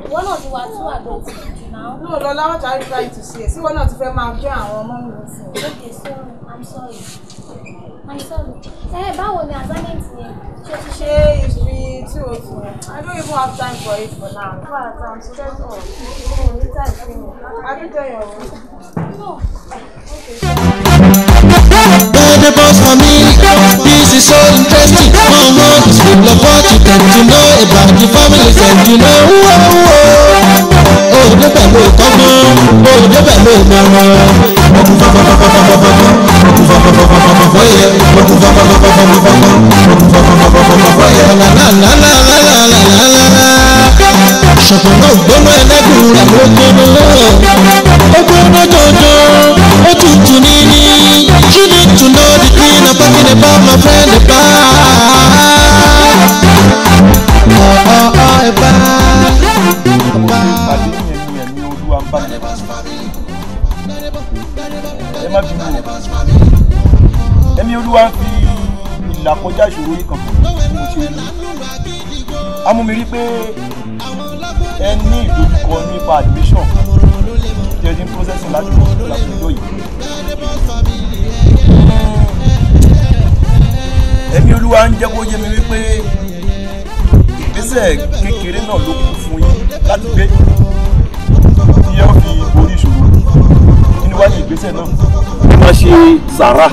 ìwọ náà you are too adult now. no Lola, what are you trying to say sí ìwọ náà ti fẹ́ máa jẹ́ àwọn ọmọ mi sí. okay sorry i'm sorry i'm sorry. Hey, eh, báwo ni assignment yẹn. ṣé ti ṣe history Too old oh two i don't even have time for it for now in fact i'm stressed out mo ní time tell your no okay. the boss for me. This is so interesting. One month, you love what you can. You know about your families and you know òde pẹ̀lú ìkọ́gbọ́n òde pẹ̀lú ìmọ̀ràn ọkùn fọfọfọfọfọfọfọ ọkùn fọfọfọfọfọfọ yẹ ọkùn fọfọfọfọfọfọ ọkùn fọfọfọfọfọfọ yẹ lálálálálálálálá. ṣọ̀pọ̀ náà gbóná ẹlẹ́gùn rẹ̀ ló gbóná lọ́wọ́ ó gbóná jọjọ ó tutù níní you need to know the thing I'm talking about my friend about. a mú mi rí pé ẹ ní ìdojúkọ nípa admission jẹjìn processing láti lásìkò yìí. ẹ̀mí olúwa ń jẹ́ kó yé mi wípé ìgbésẹ̀ kékeré náà ló kún fún yín láti gbé kí ẹ fi borí ìṣòro kí ni wá ní ìgbésẹ̀ náà. wọ́n máa ṣe sàrà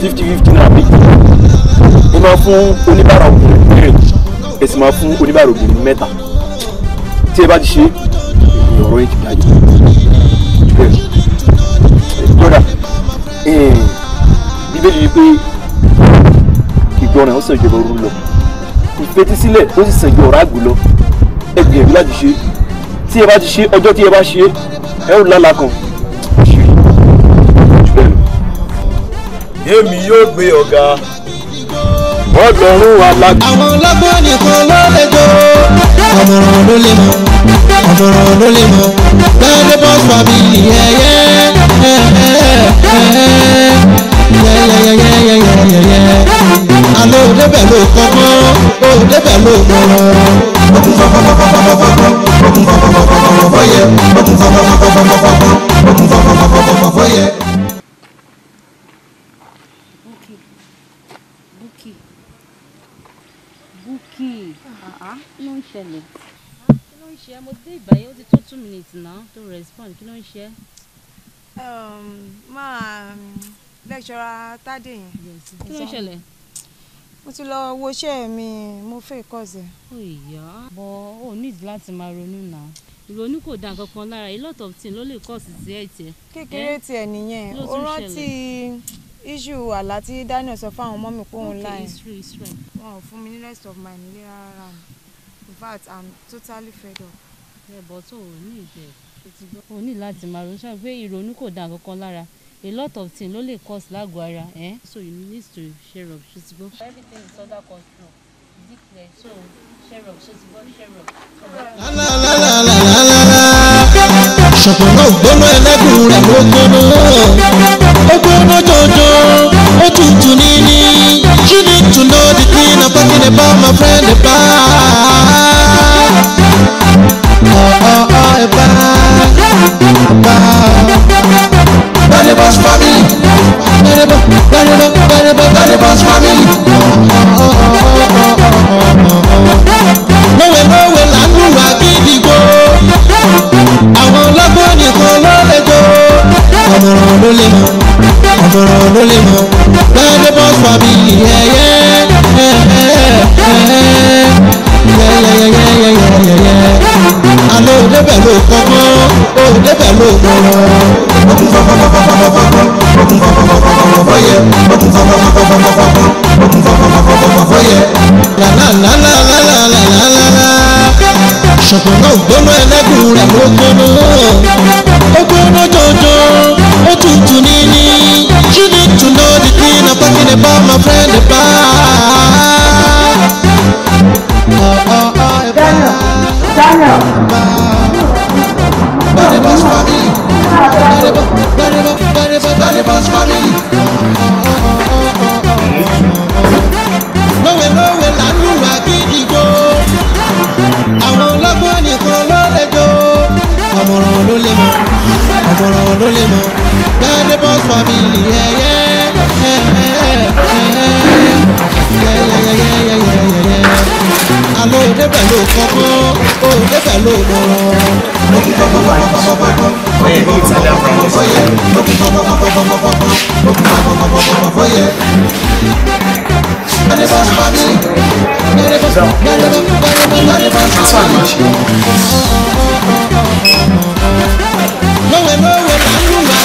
fifty fifty náà bí máa fún oníbàárà ọkùnrin mẹ́rin ẹ sì máa fún oníbàárà obìnrin mẹ́ta tí ẹ bá ti ṣe èyí ọ̀rọ̀ yìí ti dájú. broda eh, bíbélì wí pé ìgbọràn ó sàn ju ọrùn lọ ìfetísílẹ̀ ó sì sàn ju ọ̀rọ̀ àgbò lọ ẹ gbìyànjú láti ṣe tí ẹ bá ti ṣe ọjọ́ tí ẹ bá ṣe ẹ ó lálàá kan èmi yóò gbé ọ̀gá ọlọ́run alágbó. àwọn ọlọ́gbọ́n nìkan ló lè jọ ọmọràn ló lè mọ ọmọràn ló lè mọ lọ́dẹ bọ́s fàmìlì yẹ́yẹ́ yẹ́yẹ́yẹ́yẹ́yẹ́yẹ́yẹ́ àlọ́ òdebẹ̀ ló kọ́kọ́ òdebẹ̀ ló mọ̀ràn ó kún fọ́fọ́fọ́fọ́fọ́fọ́. ń ṣe. máa lecturer tádé yẹn. kí ló ń ṣẹlẹ̀. mo ti lọ wo iṣẹ́ mi mo fẹ́ kọ́sẹ̀. ó yá bọ ò need láti máa ronú náà ìrònú kò dá nǹkan kan lára a lot of things ló lè kọ́ sí sí ẹ̀jẹ̀. kékeré eh? tiẹ̀ nìyẹn ó rántí iṣu àlá tí daniel sọ fáwọn ọmọ mi pé láì wọn ò fún mi ní rest of mind nílé rárá in fact i'm totally fed up. ẹ bọ́ tó o ní ìbẹ̀rù o ní láti máa ronú ṣáà pé ìrònú kò dá kankan lára a lot of things ló lè cause lágbo ara eh? so you need to share up ṣe ti gbọ́. everything is under control declare so share up ṣe ti gbọ́ share up. ṣọ̀pọ̀nà ògbóná ẹlẹ́gùn rẹ̀ ló gbóná ó gbóná jọjọ ó tutù níní you need to know the thing I'm talking about my friend about. Belly boss family. Belly boss, belly boss, belly boss, belly boss family. Lọ́wẹ̀ lọ́wẹ̀ lánú wa gídìgbò. Àwọn ọlọ́gbọ́n nìkan ló lè jó. Ọ̀mọ̀ràn ló lè mọ̀. Ọ̀mọ̀ràn ló lè mọ̀. Belly boss family. Yeah, yeah, yeah, yeah, yeah yẹ́yẹ́yẹ́yẹ́yẹ́yẹ́yẹ́ alẹ́ òdebẹ̀ ló kọ́ mọ́ òdebẹ̀ ló kọ́ mọ́. okun fọfọfọfọfọfọ okun fọfọfọfọfọfọ yẹ okun fọfọfọfọfọfọ okun fọfọfọfọfọfọ yẹ. làlàlàlàlàlàlàlà ṣọ̀pọ̀ náà gbóná ẹlẹ́gùn rẹ̀ ló gbóná ó gbóná jọjọ ó tutù níní you need to know the thing I'm talking about my friend about. ló lè mọ ọmọràn ló lè mọ gbàdébọ family yẹyẹ. àlọ́ òde pẹ̀lú kọ́kọ́ òde pẹ̀lú lọ́rọ́. Lowe, lowe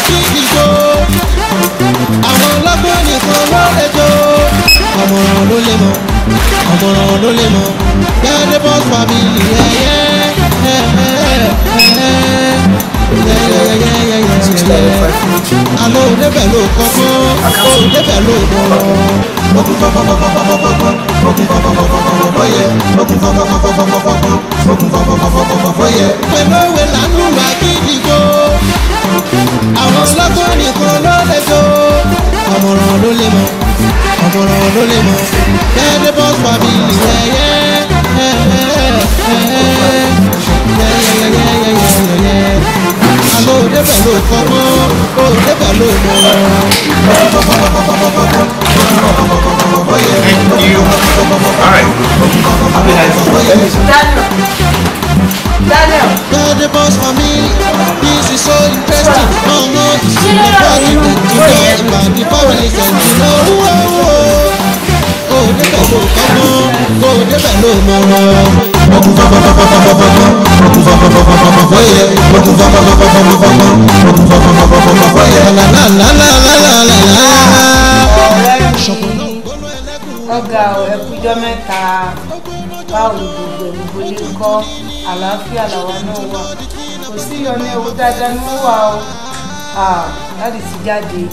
sí ìjó àwọn ọlọ́gbọ́n nìkan ló lè jó ọmọràn ló lè mọ ọmọràn ló lè mọ gẹ́gẹ́ bọ́s fàmìlì ẹ̀yẹ́ ẹ̀ẹ́ ẹ̀ẹ́. Yeah yeah yeah yeah yeah yeah. àlọ́ òdebẹ̀ ló kọ́kọ́ àlọ́ òdebẹ̀ ló kọ́kọ́ mọ̀kú kọ́kọ́kọ́kọ́kọ́kọ́ mọ̀kú kọ́kọ́kọ́kọ́kọ́ yẹ mọ̀kú kọ́kọ́kọ́kọ́kọ́ mọ̀kú kọ́kọ́kọ́kọ́kọ́ yẹ. pẹ̀lú òwe lánú wa kíndìgbò àwọn ọlọ́gbọ́n nìkan ló lè tó ọmọràn ló lè mọ ọmọràn ló lè mọ bẹ́ẹ̀ dé bọ́ọ̀sì pàbí ìrẹ̀yẹ́ yẹ́yẹ́yẹ́yẹ́yẹ́ ló Thank you. Daniel. Oh, Daniel mo tún fa fa fa fa fa fa fa fa mo tún fa fa fa fa fa fa fa yẹ mo tún fa fa fa fa fa fa fa fa mo tún fa fa fa fa fa fa fa yẹ. ọ̀gá ò ẹkújọ́ mẹ́ta báwo gbogbo ìgbò lè kọ́ àlàáfíà làwọn náà wà kò sí ìyọnu ewu dáadáa ní wà o láti ti jáde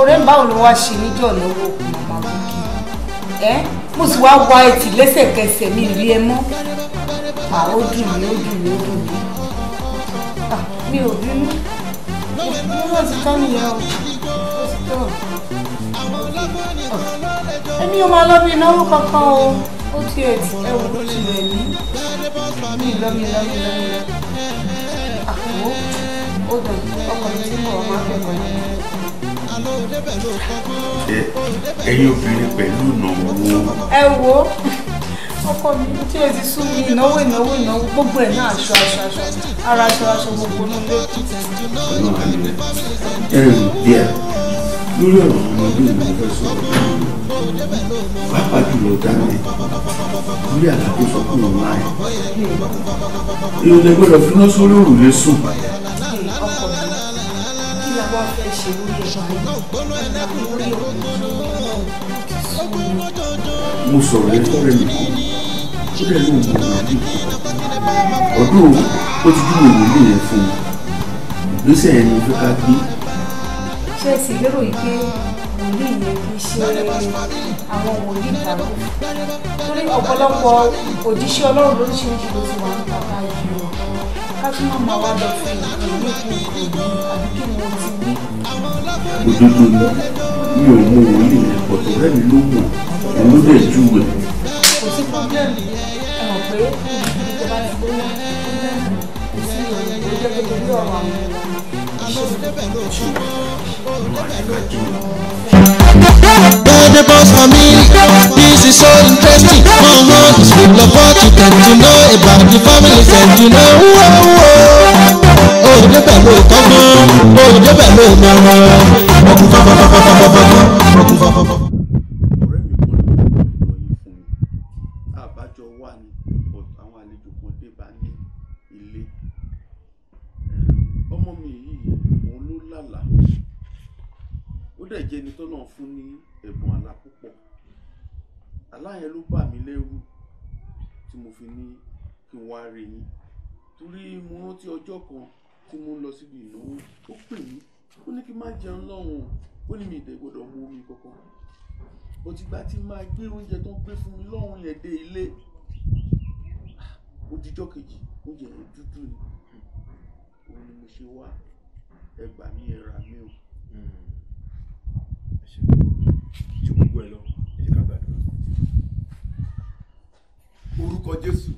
ọ̀rẹ́ báwo ló wá ṣe níjọ́ náà wò kó màmá bókì ẹ́ mo sì wáá wa ẹtì lẹ́sẹ̀kẹsẹ̀ mi rí ẹ mọ́ à ó dùn mí ó dùn mí ó dùn mí à mi ò bínú mo náà ti tán nìyẹn o ó ti tán èmi ò máa lọ bí ìnáwó kankan o ó ti ẹ̀ ẹ wò ó ti rẹ̀ mí mi lọ mi lọ mi lọ mi lọ àpò ó dùn ọkọ̀ mi tí mo máa fẹ́ kọ́ ni ẹ̀yin obìnrin pẹ̀lú ìnáwó. ẹ wo ọkọ mi tí o ti sú mi ìnáwó ìnáwó ìnáwó gbogbo ẹ̀ náà aṣọ aṣọ aṣọ ara aṣọ aṣọ gbogbo náà ló kù. ọlọ́run àlẹ́ ẹ rìn díẹ̀ lórí ọ̀rọ̀ ọmọdé mi ló fẹ́ sọ̀rọ̀ pàápàá jùlọ dáńdé lórí àlàyé sọ́kùnrin ọ̀la ẹ̀. èèyàn lè gbọ́dọ̀ fúná sórí òrùlé sùn. ọkọ mi kí la wá fẹ́ ṣe lórí ṣùgbọ́n ògbóná ẹlẹ́kùn rí ògbóná ògbóná jọjọ. mo sọ̀rọ̀ ẹ tọ́rẹ̀ mi kó dẹ̀ lóun kò rí ọdún ó ti dúró ìwúlò yẹn fún un lóṣẹ̀ yẹn ni fẹ́ ká gbé. ṣé ẹ sì lérò yìí wòlíì yẹn kì ṣe àwọn wòlíì ìgbàgbọ́ torí ọ̀pọ̀lọpọ̀ òjíṣẹ́ ọlọ́run lóríṣiríṣi ló ti wà ní bàbá yìí o ká tún máa wá lọ fún ìlú ní ìlú àbí kí ni mo ti mú òdodo ni mi ò mọ òun ní ilẹ̀ pọ̀ ló wò òun ló dẹ̀ ju rẹ̀. kò boss for me, this is so interesting. My mom is full of what you tend to know about the family. and you know. Whoa, whoa òde pẹ̀lú ìtọ́gbọ́n òde pẹ̀lú ìmọ̀ràn ọkùn fàfàfàfàfàfà ọkùn fàfàfà. ọ̀rẹ́ mi kan ló ń lọ yìí fún mi àbájọ wà ní àwọn àlejò kan dé bá ní ilé ọmọ mi yìí òun ló lálà ó dẹ̀ jẹ́ ẹni tó náà fún ní ẹ̀bùn àlá púpọ̀ ló bà mí lẹ́rù tí mo fi ní kí n wá rí yín torí mo rántí ọjọ́ kan tí mo ń lọ síbi ìnáwó ó pè mí ó ní kí n má jẹun lọ́hùn ó ní mi ìdẹ̀ gbọ́dọ̀ mu omi kankan bó ti gba tí máa gbé oúnjẹ tó ń gbé fún mi lọ́hùn yẹn dé ilé ó ah, kejì oúnjẹ yẹn dúdú ni òun ni mo ṣe wá ẹ gbà mí ẹ o. Hmm. ẹ ṣe ju gbogbo ẹ lọ ẹ ṣe ká gbàdúrà. orúkọ Jésù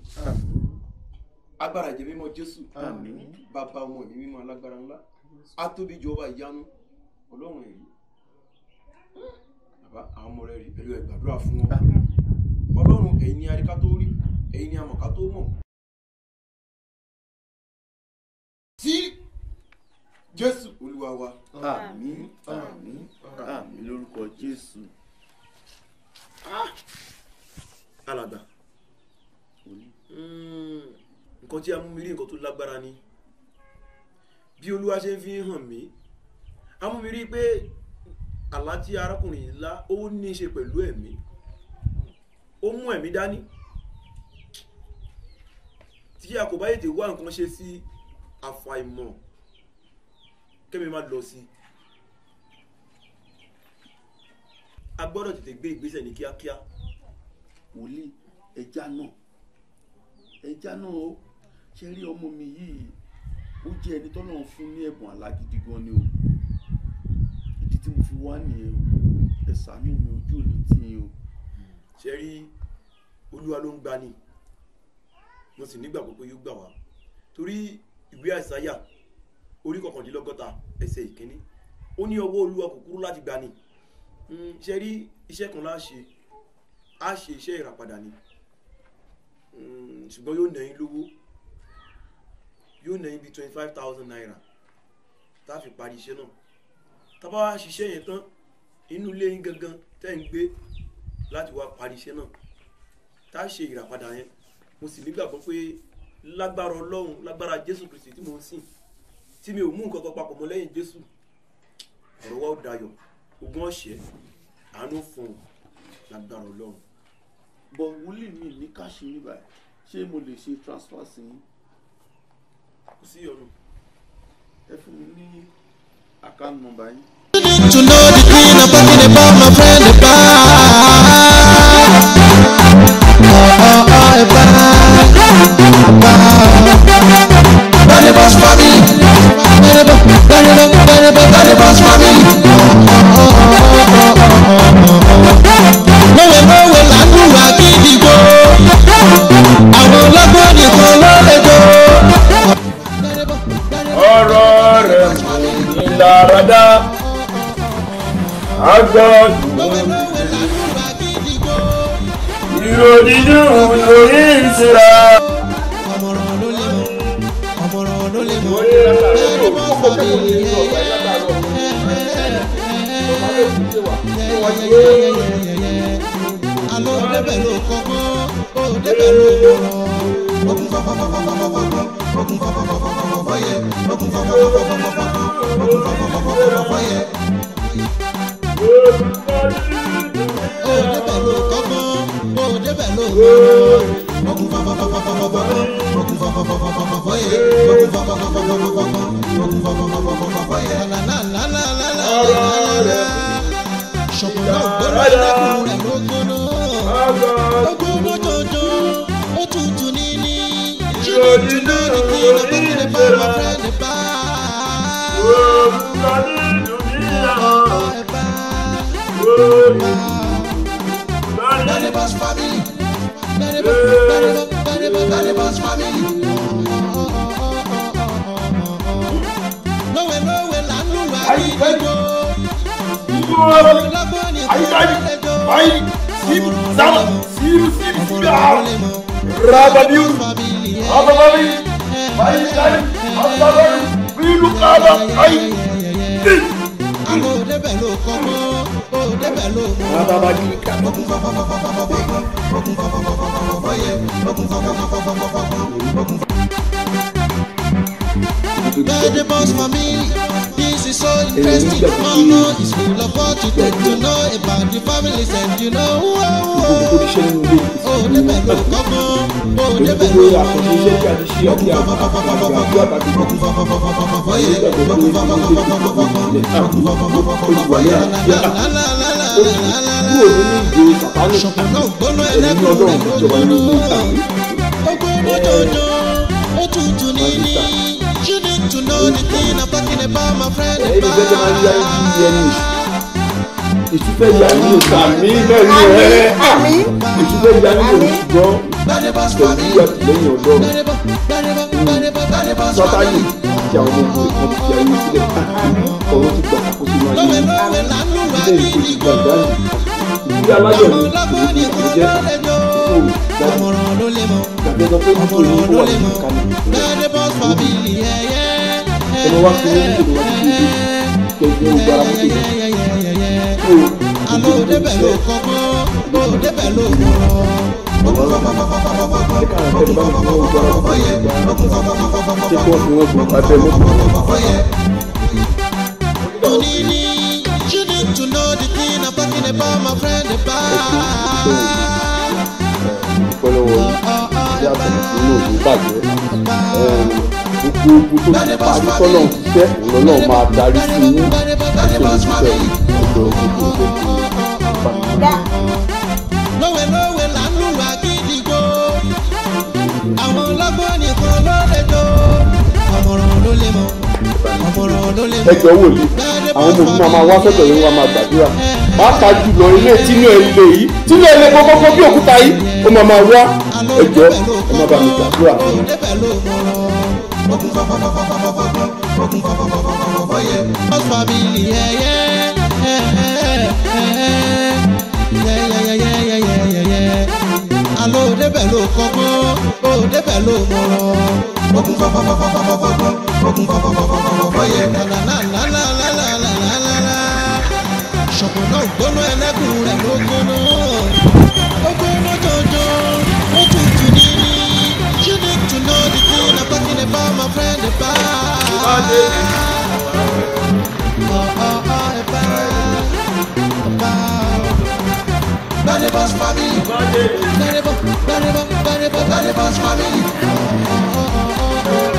agbára ìjẹ mímọ́ jésù bàbá ọmọ mi mímọ́ alágbára ńlá atóbi jù ọba ìyanu ọlọ́run èyí bàbá àwọn ọmọ rẹ rí pẹ̀lú ẹgbàdúrà fún wọn ọlọ́run ẹ̀yin ni aríká tó rí ẹ̀yin ni amọ̀ká tó mọ̀. tí jésù olúwa wa. àmín àmín àmín lórúkọ jésù. Ah! alàgbà. Mm nǹkan tí a mú mi rí nǹkan tó lágbára ni bí olúwa ṣe ń fi hàn mí a mú mi rí pé àlá tí arákùnrin yìí lá ó ní í ṣe pẹ̀lú ẹ̀mí ó mú ẹ̀mí dání tí a kò bá yètè wá nǹkan ṣe sí àfàìmọ̀ kẹ́mi má lọ sí i a gbọ́dọ̀ tètè gbé ìgbésẹ̀ ní kíákíá. wòlíì ẹja náà ẹja náà o ṣe rí ọmọ mi yìí ó jẹ́ ẹni tọ́nà fún ní ẹ̀bùn alágídí gan ni o ìdí tí mo fi wá nìyẹn o ẹ ṣàánú mi ojú òní tì yín o. ṣe rí olúwa ló ń gbani mo sì nígbàgbọ́ pé yóò gbà wá torí ìwé àìsáyà orí kọkàndínlọ́gọ́ta ẹsẹ̀ ìkíní ó ní ọwọ́ olúwa kò kúrú láti gbani hmm, ṣe rí iṣẹ́ kan láṣẹ á ṣe iṣẹ́ ìràpadà ni hmm, ṣùgbọ́n yóò nẹ̀yìn lówó yóò nẹ́yìn bíi twenty five thousand naira tá a fi parí iṣẹ́ náà tá a bá wá ṣiṣẹ́ yẹn tán inú ilé yín gangan tẹ́ ń gbé láti wá parí iṣẹ́ náà tá a ṣe ìràpadà yẹn mo sì nígbàgbọ́ pé lágbára ọlọ́run lágbára jésù kristi tí mo ń sìn tí mi ò mú nǹkan kan papọ̀ mọ́ lẹ́yìn jésù ọ̀rọ̀ wa ó dayọ̀ ogun ọ̀sẹ̀ àánú fún un lágbára ọlọ́run. bọ̀ wúlì mi ní káṣí yín báyìí ṣé mo lè ṣe transfer sí yín kò sí ìyọnu ẹ fún mi ní àkáǹtì nọ́mbà yín. you need to know the green and talking about my friend eba. eba eba bani bas fami bani bani bani bani bas fami. lọ́wọ́ lọ́wọ́ làánú wà kí ìdìbò àwọn ọlọ́gbọ́n nìkan lọ́wọ́. ìlàràdá agbọ́dùn ìròyìn dùn lórí ìsira. Alo débẹ̀ ló kọ́kọ́, ó débẹ̀ ló kọ́kọ́, ó kún kọ́kọ́ kọ́kọ́ kọ́kọ́ ogun fọfọfọfọfọ fọyẹ ogun fọfọfọfọfọfọ ogun fọfọfọfọfọ fọyẹ. o débẹ̀ ló kọ́kọ́ o débẹ̀ ló kọ́kọ́ ogun fọfọfọfọfọfọ ogun fọfọfọfọfọ fọyẹ ogun fọfọfọfọfọfọ ogun fọfọfọfọfọ fọyẹ. ṣọ̀gbọ́n náà gbọ́dọ̀ ẹ̀dá kùn rẹ̀ lógún náà lógún náà tó. You know the cool thing about my friend Daddy Boss family, Daddy Boss, Daddy Boss, Daddy Boss family. Lọ́wẹ̀ lọ́wẹ̀ lánú wà ní ìgbẹ́jọ́. Ìgbọ́n ayíkáyí báyìí sí sábà sí sí sí rà rábàbíyù ababari bayi sari ababari bílù kaba ayi bí. Ababali You're the boss for me so interesting. You want know the school of what you take to know about the families and you know. Oh, débẹ̀ ló kọ́ mọ́. Oh, débẹ̀ ló kọ́ mọ́. Ṣùgbọ́n náà gbóná ẹlẹ́kùn rẹ̀ lójoojúmọ́. Ó gbóná jọjọ́, ó tutù níní know the thing I'm talking about, my friend. Ẹ̀yin bẹ́ẹ̀ tẹ́ máa ń yára ju iye ẹni. Ìtúfẹ́ ya ní oṣù àmì bẹ́ẹ̀ ni ọ̀rẹ́. Ìtúfẹ́ ya ní oṣù gan. Pẹ̀lú ìyá lẹ́yìn ọ̀dọ́. Sátánì ti àwọn ọmọ ìgbìmọ̀ ti ayé sílẹ̀. Ọ̀rọ̀ ti gbà kó sínú ayé. Ilé ìgbésí gbàgbá yìí ìwé aláyọ̀ ni ìwé ní ìjẹ́ ìṣòro ìdájọ́ ìdájọ́ pé nítorí ó wà ní ìkànnì ìpínlẹ̀ ẹni wá sí ní ìlú wọn ti di gbogbo ìgbà àbúté àmọ́ òdebẹ̀ ló Onini, you need to know the thing I'm talking about, my friend. About gbogbo ogun tó ti parí tọ́lọ̀ ń ṣiṣẹ́ òun náà máa darí sí inú àti olùdíjẹ́ ìjọ ìgbòho. lówe lówe là ń lù àgídìgbò àwọn wò ni àwọn ọmọ mi máa wá sọ́tọ̀ yẹn wá máa gbàdúrà pàápàá jùlọ ilé tínú ẹ lè yìí tínú ẹ lè kọ́kọ́ bí òkúta yìí ó máa máa wá ẹjọ́ ẹ má bàa mi gbàdúrà ogun fọfọfọfọfọfọ ogun fọfọfọfọfọfọ yẹ. ó sọ mi yẹyẹ yẹyẹyẹyẹyẹyẹyẹ alo débẹ̀ ló kọ́kọ́ ó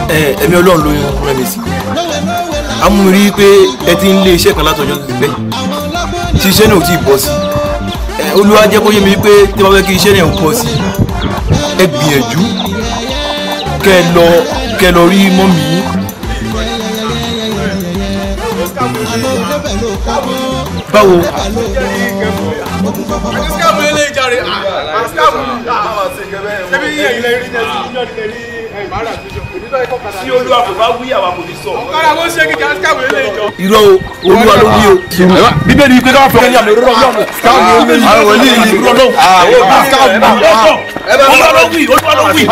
ẹ ẹ̀mí ọlọ́run ló rán mi sí amúrí pé ẹ ti ń lé iṣẹ́ kan látọjọ́ ti pẹ́ tí iṣẹ́ náà ò tí ì bọ́ sí ẹ olúwa jẹ́ kó yé mi pé tí wọ́n fẹ́ kí iṣẹ́ náà pọ̀ sí ẹ gbìyànjú kẹ lọ kẹ lọ rí mọ́mì yín. báwo àṣàwù ṣẹbi yíyan ilẹ̀ rí ní ẹsìn yíyan ilẹ̀ rí ìbára àtijọ́ èmi náà ẹ̀kọ́ kàdá. tí olúwa kò bá wí àwa kò ní sọ. ọ̀kadà bó ṣe kíkà àṣàwù lè jọ. irọ́ o olúwa ló wí o. bíbélì yìí pé káwọn fẹ́ yàrá ìrọ̀lọ́ yàrá káwọn ní olúwa ní ìrọ̀lọ́ olúwa ló wí olúwa ló wí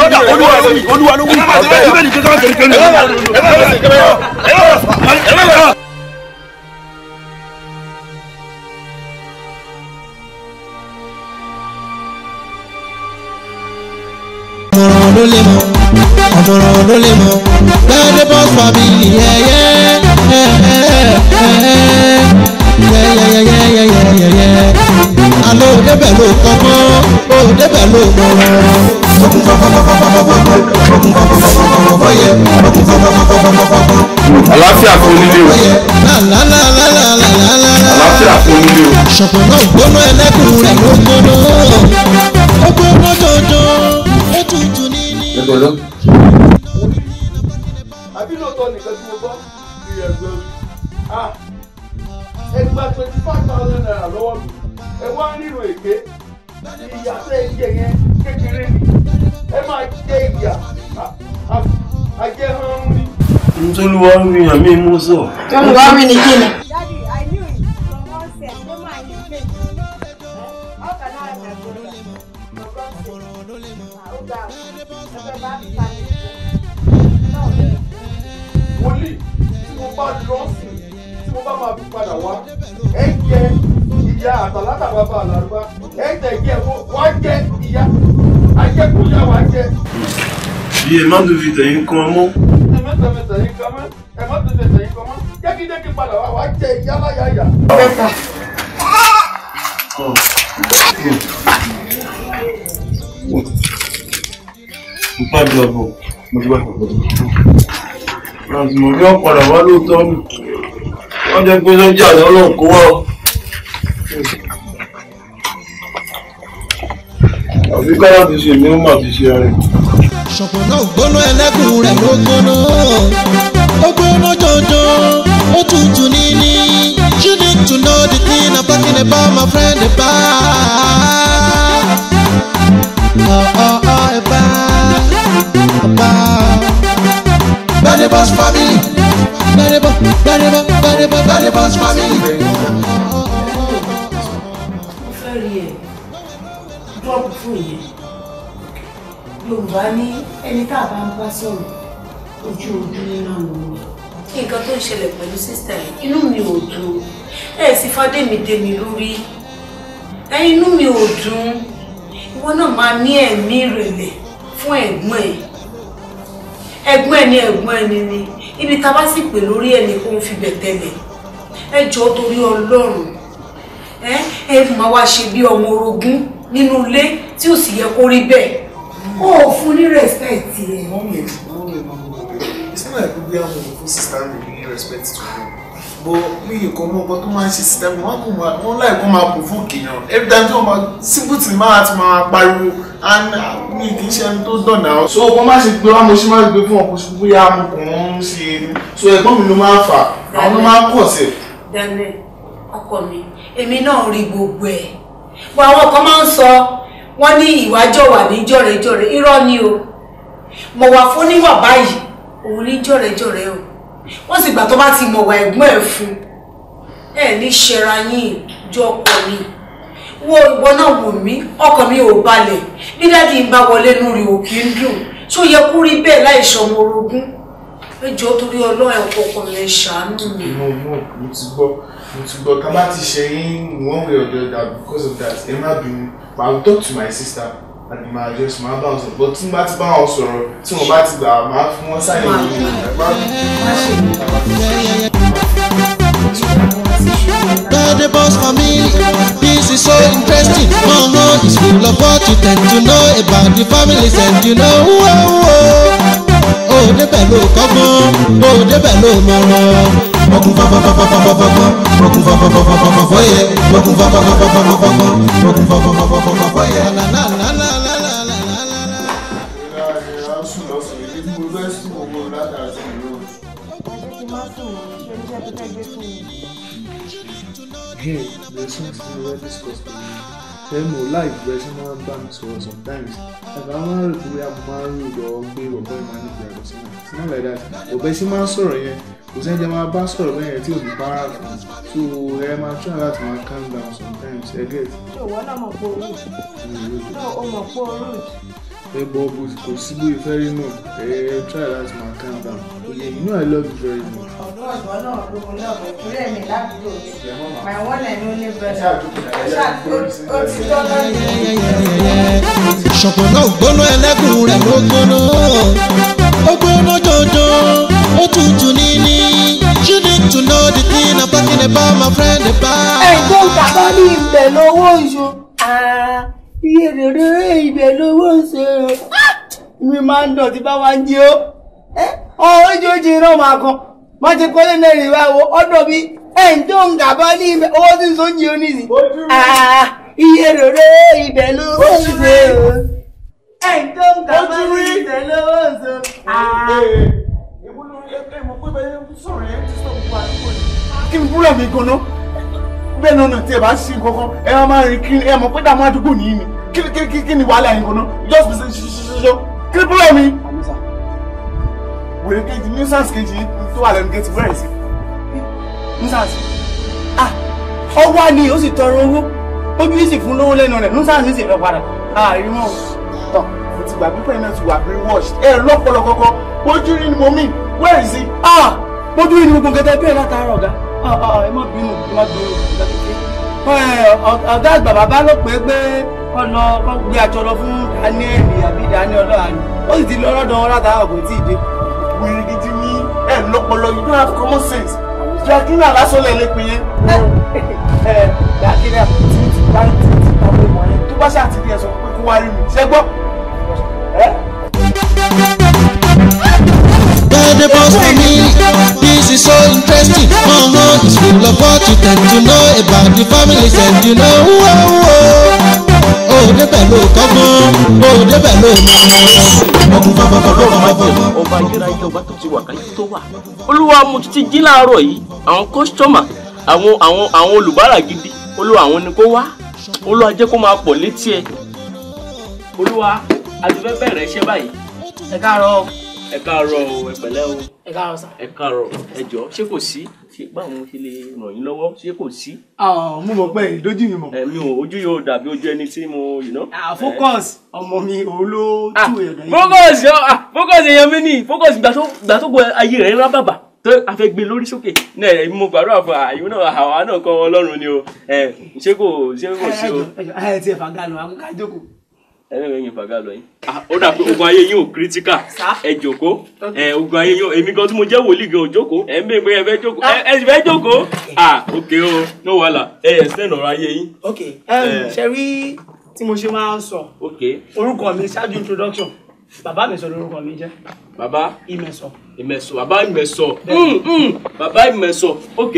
lọ́dà olúwa ló wí olúwa ló wí bíbélì yìí pé káwọn fẹ́ yàrá ìrọ̀lọ́ lè mọ̀ ọ̀mọ̀ràn ló lè mọ̀ láyé bọ́s family yẹ́yẹ́ yẹ́yẹ́yẹ́yẹ́yẹ́yẹ́yẹ́ alo débẹ̀ ló kọ́ mọ́ o débẹ̀ ló kọ́ mọ́. okun fọfọfọfọfọfọ okun fọfọfọfọfọfọ yẹ okun fọfọfọfọfọfọ. àlàáfíà fún nílé o. àlàáfíà fún nílé o. ṣọ̀pọ̀ náà gbóná ẹlẹ́kùn ló gbóná ó gbóná jọjọ ó tutù níbo ló. àbí lóòótọ́ nìkan tí mo gbọ́ ìrẹ̀gbẹ́ mi ẹgbà twenty five thousand naira lọ́wọ́ mi ẹ wá nínú èké ìyàtọ̀ ẹ̀jẹ̀ yẹn kékeré ni ẹ máa jẹ ìyà àjẹhàn mi. ntòlúwa mi àmì mú sọ. tòlúwa ni kí ni. yé má tún fi tẹ̀yìn kan mọ́. ẹ má tún fi tẹ̀yìn kan mọ́ ẹ má tún fi tẹ̀yìn kan mọ́ jẹ́kíjẹ́kí padà wá wá jẹ ìyá láyàyà. mẹ́ta. mo pàdé ọ̀bọ̀ mo gbà lásìmọ̀ ní ọ̀padà wá lóòótọ́ mi wọ́n jẹ́ pé sọ́jà ni ọlọ́run kó wá ọ. àbíkọ́ láti ṣe mi ó mà ti ṣe ṣọ̀pọ̀nná ògbóná ẹlẹ́kùn rẹ̀ ló gbóná ó gbóná jọjọ ó tutù níní you need to know the thing I'm talking about my friend Eba. Eba. Eba. Badibas family. Badibas, Badibas, Badibas, Badibas yorùbá ní ẹni tá a bá ń bá sọ̀rọ̀ ojú ojú nínú àwọn nǹkan tó ń ṣẹlẹ̀ pẹ̀lú sísítà yìí inú mi ò dùn ẹ̀ sì fádé mi dé mi lórí ẹ̀ inú mi ò dùn ìwọ náà máa ní ẹ̀mí ìrẹ̀lẹ̀ fún ẹ̀gbọ́n ẹ̀ ẹ̀gbọ́n ẹ̀ ní ẹ̀gbọ́n ẹni ni ibi tá a bá sì pè lórí ẹni kó ń fi bẹ̀tẹ̀lẹ̀ ẹ jọ̀ọ́ torí ọlọ́run ẹ ẹ máa wá ṣe bí ọmọ orogún nínú ilé tí ò sì yẹ kó rí bẹ́ẹ̀ o ò fún ní respect rẹ. wọ́n lè wọ́n lè mọ gbogbo àgbẹ̀ ìṣẹ́ náà gbogbo àwọn ọmọ fún sísá in the respect tó lọ bọ mí nǹkan mọ ọkọ tó máa ń ṣe sísá mi wọ́n kò máa wọ́n láì kó máa pò fún kìnìún every time tí come máa síbùtì máa ti máa pariwo and ah, mi kì í ṣe ẹni tó dọ̀nà. so wọ́n má ṣe pé wọ́n mo ṣe má gbé fún ọkọ̀ ṣubú yá mo kàn ń ṣe so ẹ̀gbọ́n mi ló máa ń fà àwọn ló máa ń pọ̀ sí. Daniel ọkọ mi èmi náà rí gbogbo ẹ̀ wọ àwọn kan máa ń sọ wọ́n ní ìwájọ́ wà ní jọ̀rẹ̀jọ̀rẹ̀ irọ́ ni o mọ̀ wà fún níwà báyìí òun ní jọ̀rẹ̀jọ̀rẹ̀ o wọ́n sì gbà tó bá ti mọ̀wà ẹ̀gbọ́n ẹ̀ fún ẹ̀ ní ṣẹra yín ju ọkọ mi wo ìwọ náà wò mí ọkàn mi ò balẹ̀ bí dáàdi ń bá wọlé nù rí òkè ń dùn tó yẹ kó rí bẹ́ẹ̀ láì ṣọmọ orogún ẹjọ́ torí ọlọ́run ẹ̀kọ́ ọkọ rẹ̀ ṣàánú mi. mo mo mo ti gbọ́ mo ti gbọ́ ká má ti ṣe yín one way or the other because of that ẹ má bínú but I will talk to my sister àti máa jẹ́ sùn máa bá wọn sọ̀rọ̀ bó bá ti bá wọn sọ̀rọ̀ tí wọ́n bá ti gbà máa fún wọn sáyẹn ní ìlú ẹ̀gbá. Birthday boss family, this is so interesting. Mama is full of what you tend to know about the families and you know. Whoa, oh, oh, whoa. Oh débẹ̀ ló kọ́gbọ́n ó débẹ̀ ló mọ̀rọ̀ mọ̀kún fọ́fọ́fọ́fọ́fọ́fọ́fọ́ mọ̀kún fọ́fọ́fọ́fọ́fọ́fọ́ yẹ mọ̀kún fọ́fọ́fọ́fọ́fọ́fọ́ mọ̀kún fọ́fọ́fọ́fọ́fọ́fọ́ yẹ. Hey, listen to the latest discussing then mo láì bẹ́ẹ̀ ṣe máa ń bá mi sọ̀rọ̀ sometimes ẹ̀fà máa ń rò pé a máa ń rò lọ pé bàbá mi máa ń gbé ẹ̀rọ sínú sínú like that bàbá ṣe máa ń sọ̀rọ̀ yẹn kò sẹ́ni jẹ́ máa bá sọ̀rọ̀ bẹ́ẹ̀ yẹn tí ò ní bára fún so ẹ máa try láti máa calm down sometimes ẹ get. ṣòwò náà mọ̀ pé o rude. náà mm, o mọ̀ pé o rude ẹ bọ bùs kò sí bí ìfẹ́ rí nù ẹ ẹ try láti máa calm down oye you know i love you very much. ọ̀dọ́ ọ̀dọ́ náà ló mú náà bọ̀ ìpínlẹ̀ mi ládùúgbò mi my one and only brother ó ti tọ́ lọ́dún. ṣọ̀pọ̀nà ògbóná ẹlẹ́kùn rẹ̀ ló gbóná ó gbóná jọjọ ó tutù níní you need to know the thing i'm talking about my friend about. ẹ̀ tó ń tàbá ní ìbẹ̀ lówó yìí. Ah dòdò ibẹ̀ lówó ń ṣe mi máa ń dọ̀tí bá wa ń jẹ ó ọ oríṣiríṣi iná máa kan má ti kọ́lé náà rè wá wo ọ̀dọ̀ mi ẹ̀ ń tó ń gà bá ní ibẹ̀ owó tí ń so ń jẹ ó nìyí iye dòdò ibẹ̀ lówó ń ṣe ó ẹ̀ ń tó ń gà bá ní ibẹ̀ lówó ń ṣe ó. kí n búra mi gan-an. bẹ́ẹ̀ náà tí ẹ bá ṣí kankan ẹ máa máa rìn kiri ẹ mọ̀ pé dààmú àdúgbò nìyí ni kí kí ni wàhálà yín kan just be kí ni wèrè kejì nuisance kejì tó wà lẹ́nu gẹ̀ẹ́tì wẹ́rẹ̀ sí nuisance. ah ọwọ́ ni ó sì tọrọ owó ojú yìí sì fún lówó lẹ́nu rẹ̀ nuisance sì fẹ́ padà ah, tán mo ti gbà pípẹ́ náà ti wà bí ẹ lọ́pọ̀lọpọ̀ ojú yìí ni mo wẹ́rẹ̀ sí ah ojú yìí ni gbogbo ẹ má bínú ẹ má bínú ọ̀gá àgbà bàbá ló pé pé kọ́ lọ kọ́ gbé aṣọ lọ fún daniel àbí daniel ọlọ́àní ó sì ti lọ lọ́dọ̀ wọn látara ọ̀gbìn tí ì dé. wíìrì gidi ní ẹ̀ lọ́pọlọ you don't have common sense drakina lásán lè lè pinye. drakina ti ti bá ti ti bá wọlé wọlé tó bá ṣáà ti di ẹ̀sọ́ pé kó wá rí mi ṣe gbọ́. Bẹ́ẹ̀ni bọ́sùn mi, bí This is so interesting. Mama is full of fortune and you know about the family. and you know whoa whoa. O débẹ̀ ló kọ́gbọ́n, o débẹ̀ ló mọ̀. Ọkùn bàbá bàbá bàbá bàbá. Ọba ayérayé ọba tó ti wà káyé tó wà. Olúwa mo ti jí láàárọ̀ yìí, àwọn kọ́sítọ́mà, àwọn àwọn àwọn olùbárà gidi, olúwa àwọn ni kó wá. Olúwa jẹ́ kó máa pọ̀ létí ẹ. Olúwa, àti fẹ́ bẹ̀rẹ̀ iṣẹ́ báyìí. Ẹ káàárọ̀ ẹ káàárọ̀ o ẹ pẹ̀lẹ́ o. ẹ káàárọ̀ sà. ẹ káàárọ̀ ẹ jọ ṣé kò sí ṣé báwọn ṣe lè ràn yín lọ́wọ́ ṣé kò sí. mo mọ̀ pé ìdójú mi mọ̀. ẹ̀mi ò ojú yóò dàbí ojú ẹni tí mo you know. focus ọmọ mi òun ló tú ẹ̀dá yìí. focus focus èèyàn mi ni focus ìgbà tó gbọ́ ayé rẹ̀ ńlá bàbà tó a fẹ́ gbé lórí sókè náà mo gbàdúrà fún àyùn náà àwa náà kọ́ ọlọ́run ni o ṣé kò ṣé kò sí o. ẹ ẹ ti ẹ fà gánà àwọn ká ẹni wẹ́n yín fàgà lọ yín. Ah, ó dà pé ogun ayé yín ò kírítíkà ẹ jókòó ẹ eh, ogun ayé yín èmi gan tí mo jẹ́ wòlíì gan ò jókòó ẹ ń bẹ pé ẹ fẹ́ jókòó ẹ sì fẹ́ jókòó ah ok o no wàhálà ẹ yẹ sẹ́n ọ̀rọ̀ ayé yín. ok eh. um, ṣe rí tí mo ṣe máa ń sọ orúkọ mi ṣáájú introduction bàbá mi sọ lórúkọ mi jẹ́. bàbá ìmẹ̀sọ. ìmẹ̀sọ bàbá ìmẹ̀sọ hmm, hmm. bàbá ìmẹ̀sọ ok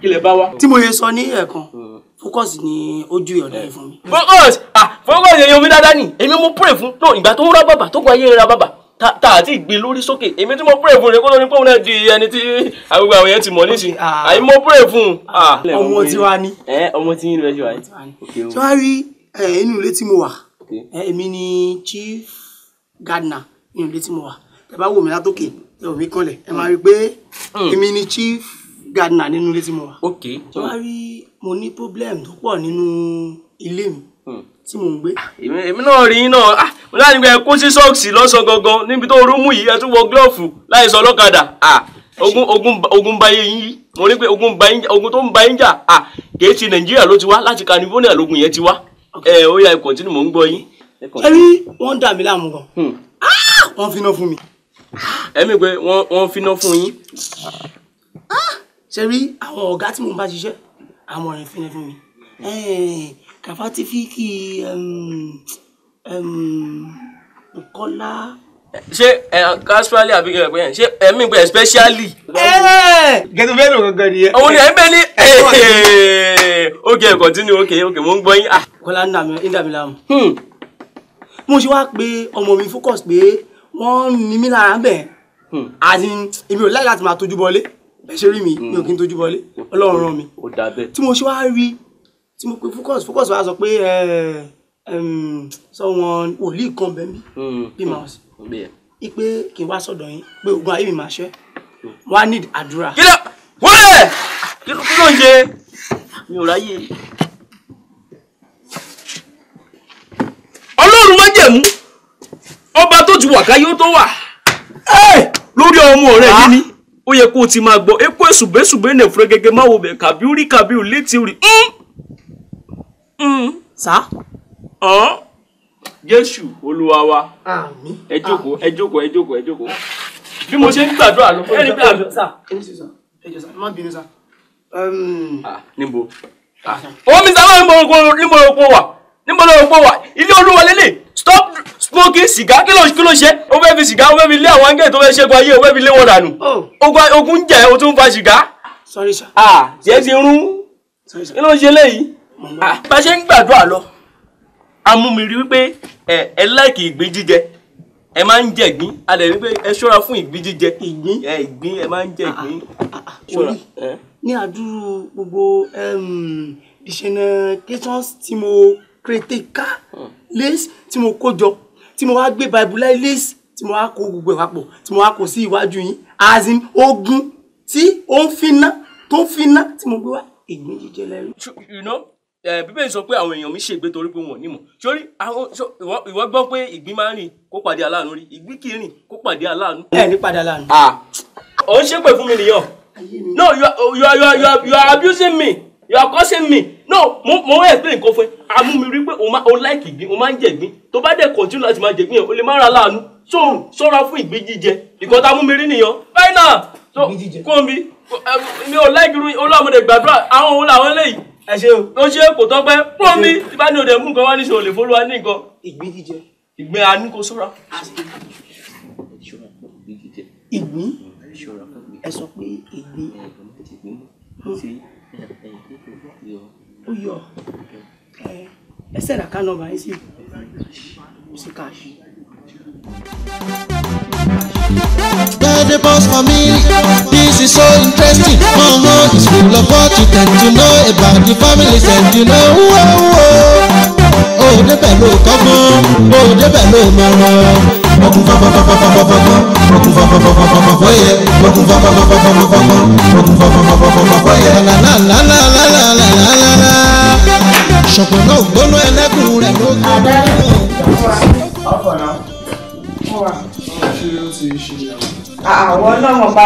kí lè bá wa. tí mo yẹ sọ ní ẹ̀ẹ̀kan hmm focus ni ojú ọ̀dà yìí fún mi. focus ah focus èyí omi dáadáa ni èmi mo pray fún no ìgbà tó ń ra bàbà tó gba ayé ra bàbà tá a ti gbé lórí sókè èmi tí mo pray fún rẹ̀ kó ló ní pọ́n náà di ẹni tí agbègbè àwọn yẹn ti mọ̀ nísìn àyè ah. ah, mo pray fún un. Ah. ọmọ tí wàá ní. ọmọ tí yín ló ṣe wà ní. tí wàá rí inú ilé tí mo wà èmi ni chief gardener inú ilé tí mo wà ẹ bá wò mí látòkè ẹ ò mí kanlẹ̀ ẹ máa rí i pé hmm. èmi ni chief gardener nínú ilé tí mo wà. ok tó wá rí mo ní problem tó pọ̀ nínú ilé mi hmm. tí mò ń gbé. Ah, èmi náà rí iná ah, mo láti gbé kó sí sọ́ọ̀sì lọ́sàn-án gangan níbi tó rúmù yìí ẹ tún wọ gílọ́ọ̀fù láì sọ ọlọ́kadà ah, ogun ogun ogun báyé yín mo rí pé ogun báyé ogun tó ń báyé jà kèé ti nàìjíríà ló ti wá láti kanifóníà lógun yẹn ti wá ẹ eh, ó yá kọ̀ntínú mò ń gbọ́ yín. ẹ rí wọn dà mí láàmú gan hmm. wọn fi iná fún mi. ẹ̀mí pé wọ́n fi iná fún yín ṣe rí àwọn ọ̀gá tí mo bá ṣiṣẹ́ àwọn ọ̀rẹ́ fẹ́ni fún mi kàfátífíkì kọ́lá. ṣé casually àbí kẹrẹ pẹ́yẹ ṣé ẹ̀mí gbẹ especially. gẹ̀tù bẹ́ẹ̀ ló gangan nìyẹn. òun ni ẹ̀ ń bẹ ní okay continue okay okay mo ń gbọ́ yín. Ah. kọ́lá ń dà mí láàmú. Hmm. mo ṣe wá pé ọmọ mi focus pé wọ́n ní mí lára bẹ́ẹ̀ àti hmm. èmi ò láì láti máa tójú bọlé bẹ́ẹ̀ ṣe rí mi mi ò kí n tójú bọlé mm. ọlọ́run ràn mí tí mo ṣe wá rí tí mo pe focus focus wa sọ pé sọ̀wọ́n wòlíì kan bẹ́ẹ̀ mi mm. bí màá sí mm. i kí n wá sọ̀dọ̀ yín pé ogun ayé mi máa ṣẹ́ wọ́n need àdúrà. kí ló wọlé kí ló ń ṣe mi ò ráyè. ọlọ́run má jẹ̀mú ọba tó ti wà káyé ó tó wà lórí ọmọ rẹ̀ yìí ni. Ah! ó yẹ kó o ti máa gbọ́ epo èsùbẹ́sùbẹ́ ènìyàn fúnra gẹ́gẹ́ máa wo bẹ̀ kàbíú rí kàbíú létí rí sá jésù olúwa wa àmín ẹ jókòó ẹ jókòó ẹ jókòó ẹ jókòó bí mo ṣe ń gbàdúrà ló fún ẹni gbàdúrà. sá ẹni sọ ẹ jọ sá má bínú sá. níbo. ó mi sábà níbo ló kó wà níbo ló kó wà ilé olúwa lélẹ̀ stop smoking sìgá kí ló kí ló ṣe ó fẹ́ fi sìgá ó fẹ́ fi lé àwọn angẹ́lì tó fẹ́ ṣẹ́gun ayé ó fẹ́ fi lé wọn dànù oh. ogun jẹ́ o tún fa sìgá. sorry sir. ah jẹ́ ti rún kí ló ń ṣe léyìí ah, bá ṣe ń gbàdúrà lọ amúmiri wípé ẹ ẹ láìkì ìgbín jíjẹ ẹ máa ń jẹ ìgbín a lè rí pé ẹ ṣọ́ra fún ìgbín jíjẹ ìgbín ẹ ìgbín ẹ máa ń jẹ ah, ìgbín ah, ṣọ́ra. ní àdúrú gbogbo dissenations tí mo create ká. Hmm lace tí mo kó jọ tí mo wá gbé bible lace tí mo wá kó gbogbo ẹ̀ papọ̀ tí mo wá kó sí iwájú yín azim ogun tí ó ń finá tó ń finá tí mo gbé wá ìgbín jíjẹ lẹ́rú. you know eh, bíbélì sọ pé àwọn èèyàn mi ṣègbé torí pé wọn ò nímọ̀ sórí ìwọ gbọ́ pé ìgbín máa ń rìn kó pàdé aláàánú rí ìgbín kì í rìn kó pàdé aláàánú. ẹ ní pàdé aláàánú. Ah, ò ń ṣépè fún mi nìyàn no you are, you are, you are, you are abusing me you are cursing me no mo mo explain nǹkan fún ẹ àmú mi rí pé o máa o like ìgbín o máa ń jẹ ìgbín tó bá dẹ̀ continue láti máa jẹ ìgbín yẹn o lè má ra láàánú so ṣọ́ra fún ìgbín jíjẹ ìkan tá a mú mi rí nìyẹn báyìí so kó mi ò like irú olóòmùdè gbàdúrà àwọn òun làwọn eléyìí ẹ ṣe o ló ṣe kò tọ́pẹ́ pọ́ mi tí bá ní òde mú nǹkan wá ní ìṣòro lè fọlọ́ wá ní nǹkan. ìgbín jíjẹ. ìgbín a ní kó ṣọ́ra. ìgbín ẹ sọ pé ìgbín yọ ẹsẹ̀ rà ká nọ́mbà yín sí sí káàṣì. Get the bus for me. This is so interesting. My heart is full of what you tend to know about the family. and you know. Whoa, whoa. Oh, the débẹ̀ oh, come on, Oh, débẹ̀ ló mọ̀ràn ṣọ̀pọ̀ náà gbóná ẹlẹ́kùn rẹ̀ àwọn náà mọ̀ bá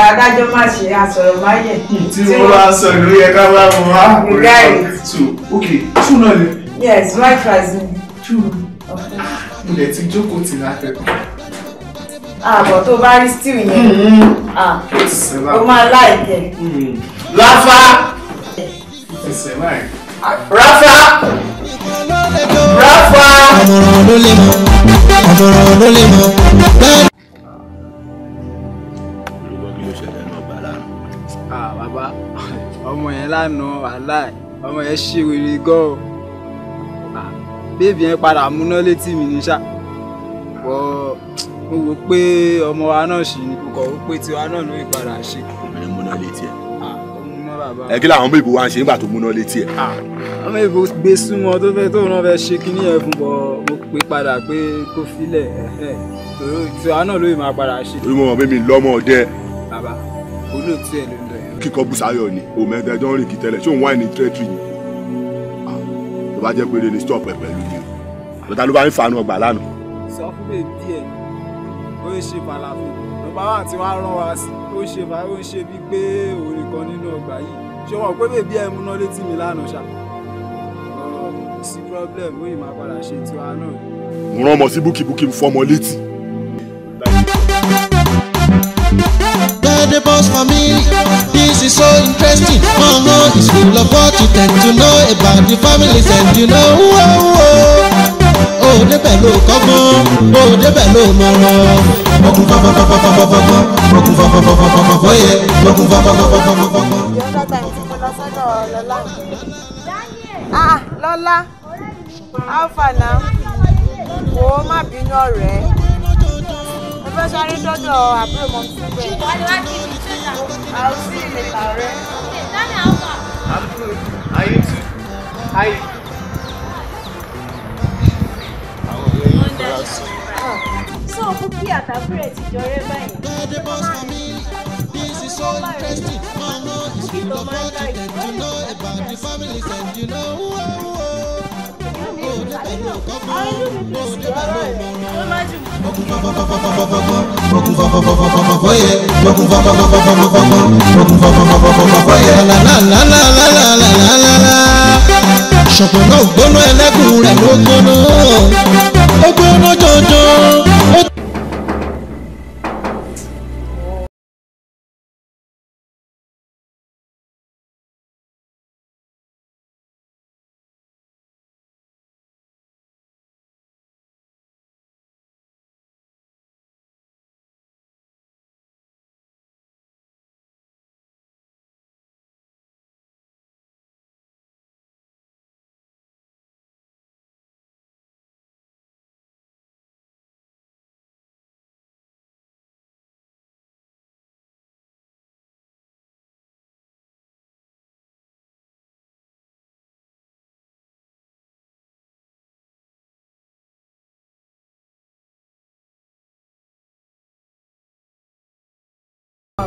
má ṣe àsọ̀rọ̀ máyẹ̀. tí mo bá sọ ìlú yẹ ká bá mo wá. you got so okay two náà ni. yes my prize two. mo lè ti jókòó tì láfẹ́ àbọ̀ tó bá rí stew yẹn ó mm-hmm. ah, máa láìpẹ́. láfá ráfá ráfá. ọ̀bọ̀rọ̀ ló lè mọ̀ ọ̀bọ̀rọ̀ ló lè mọ̀. bàbá ọmọ yẹn lánàá wàhálà ọmọ yẹn ṣèwèrè gan-an ah, bébì yẹn padà múná létí mi ní ṣá mo wò pé ọmọ wa náà ṣì ní kókó wò pé tiwa náà ló ìpadà ṣe. obìnrin múná létí ẹ. ẹ kí làwọn ọmọ ìbò wa ń ṣe nígbà tó múná létí ẹ. ọmọ ìbò gbé súnmọ́ tó fẹ́ tóun náà fẹ́ ṣe kínní ẹ fún bọ mo pè padà pé kó filẹ̀ tiwa náà ló ìmọ̀ padà ṣe. orí mọ̀ mi lọ́mọ ọdẹ. bàbá olóòtú ẹ ló ń dọ̀ yẹn. kíkọ́ Bùsáyọ̀ ni òmẹ́dẹ́dọ́ rìn kìtẹ́lẹ̀ ṣé òun wáìnì ní tírẹ́tìrì ni tó bá jẹ́ pé lè stop ẹ̀ pẹ̀lú mi àbẹ̀tà ló bá ń fa àánú ọgbà lánàá. sọ fún mi bí ẹ ń ṣe fàlàfò bàbá wa ti wá rán wa sí ó ń ṣe ó ń ṣe bíi pé òòrè kan nínú ọgbà yìí ṣé wọn pé bèbí ẹ múná létí mi lánàá ṣá sí problem ó yìí máa padà ṣe tiwa náà. mo rán ọmọ sí búkìbúkì fọmọ létí. the boss family. This is so interesting. Mama is full of what you tend to know about the families and you know. Whoa, whoa débẹ̀ ló kọ́gbọ́n ó débẹ̀ ló mọ̀rọ̀ mọ̀kún fọ́fọ́fọ́fọ́fọ́fọ́ mọ̀kún fọ́fọ́fọ́fọ́fọ́ yẹ mọ̀kún fọ́fọ́fọ́fọ́fọ́. lọ́lá alfa náà wò ó má bínú ọ̀rẹ́ mo fẹ́ sáré dọ́dọ̀ àbúrò mọ́ mi síbẹ̀ ìlera rẹ. Are you too? Are So Buki at Abure ti jọrẹ báyìí. Baby boss you know about you who are who ṣọ̀pọ̀nà ògbóná ẹlẹ́kùn rẹ̀ ló gbóná ó gbóná jọjọ.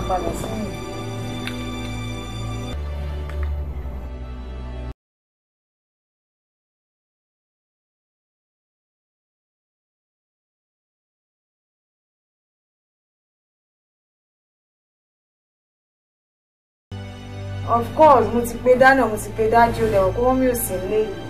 padà of course mo ti pe dáná mo ti pe dájú ọ̀dẹ̀ ọ̀kọ́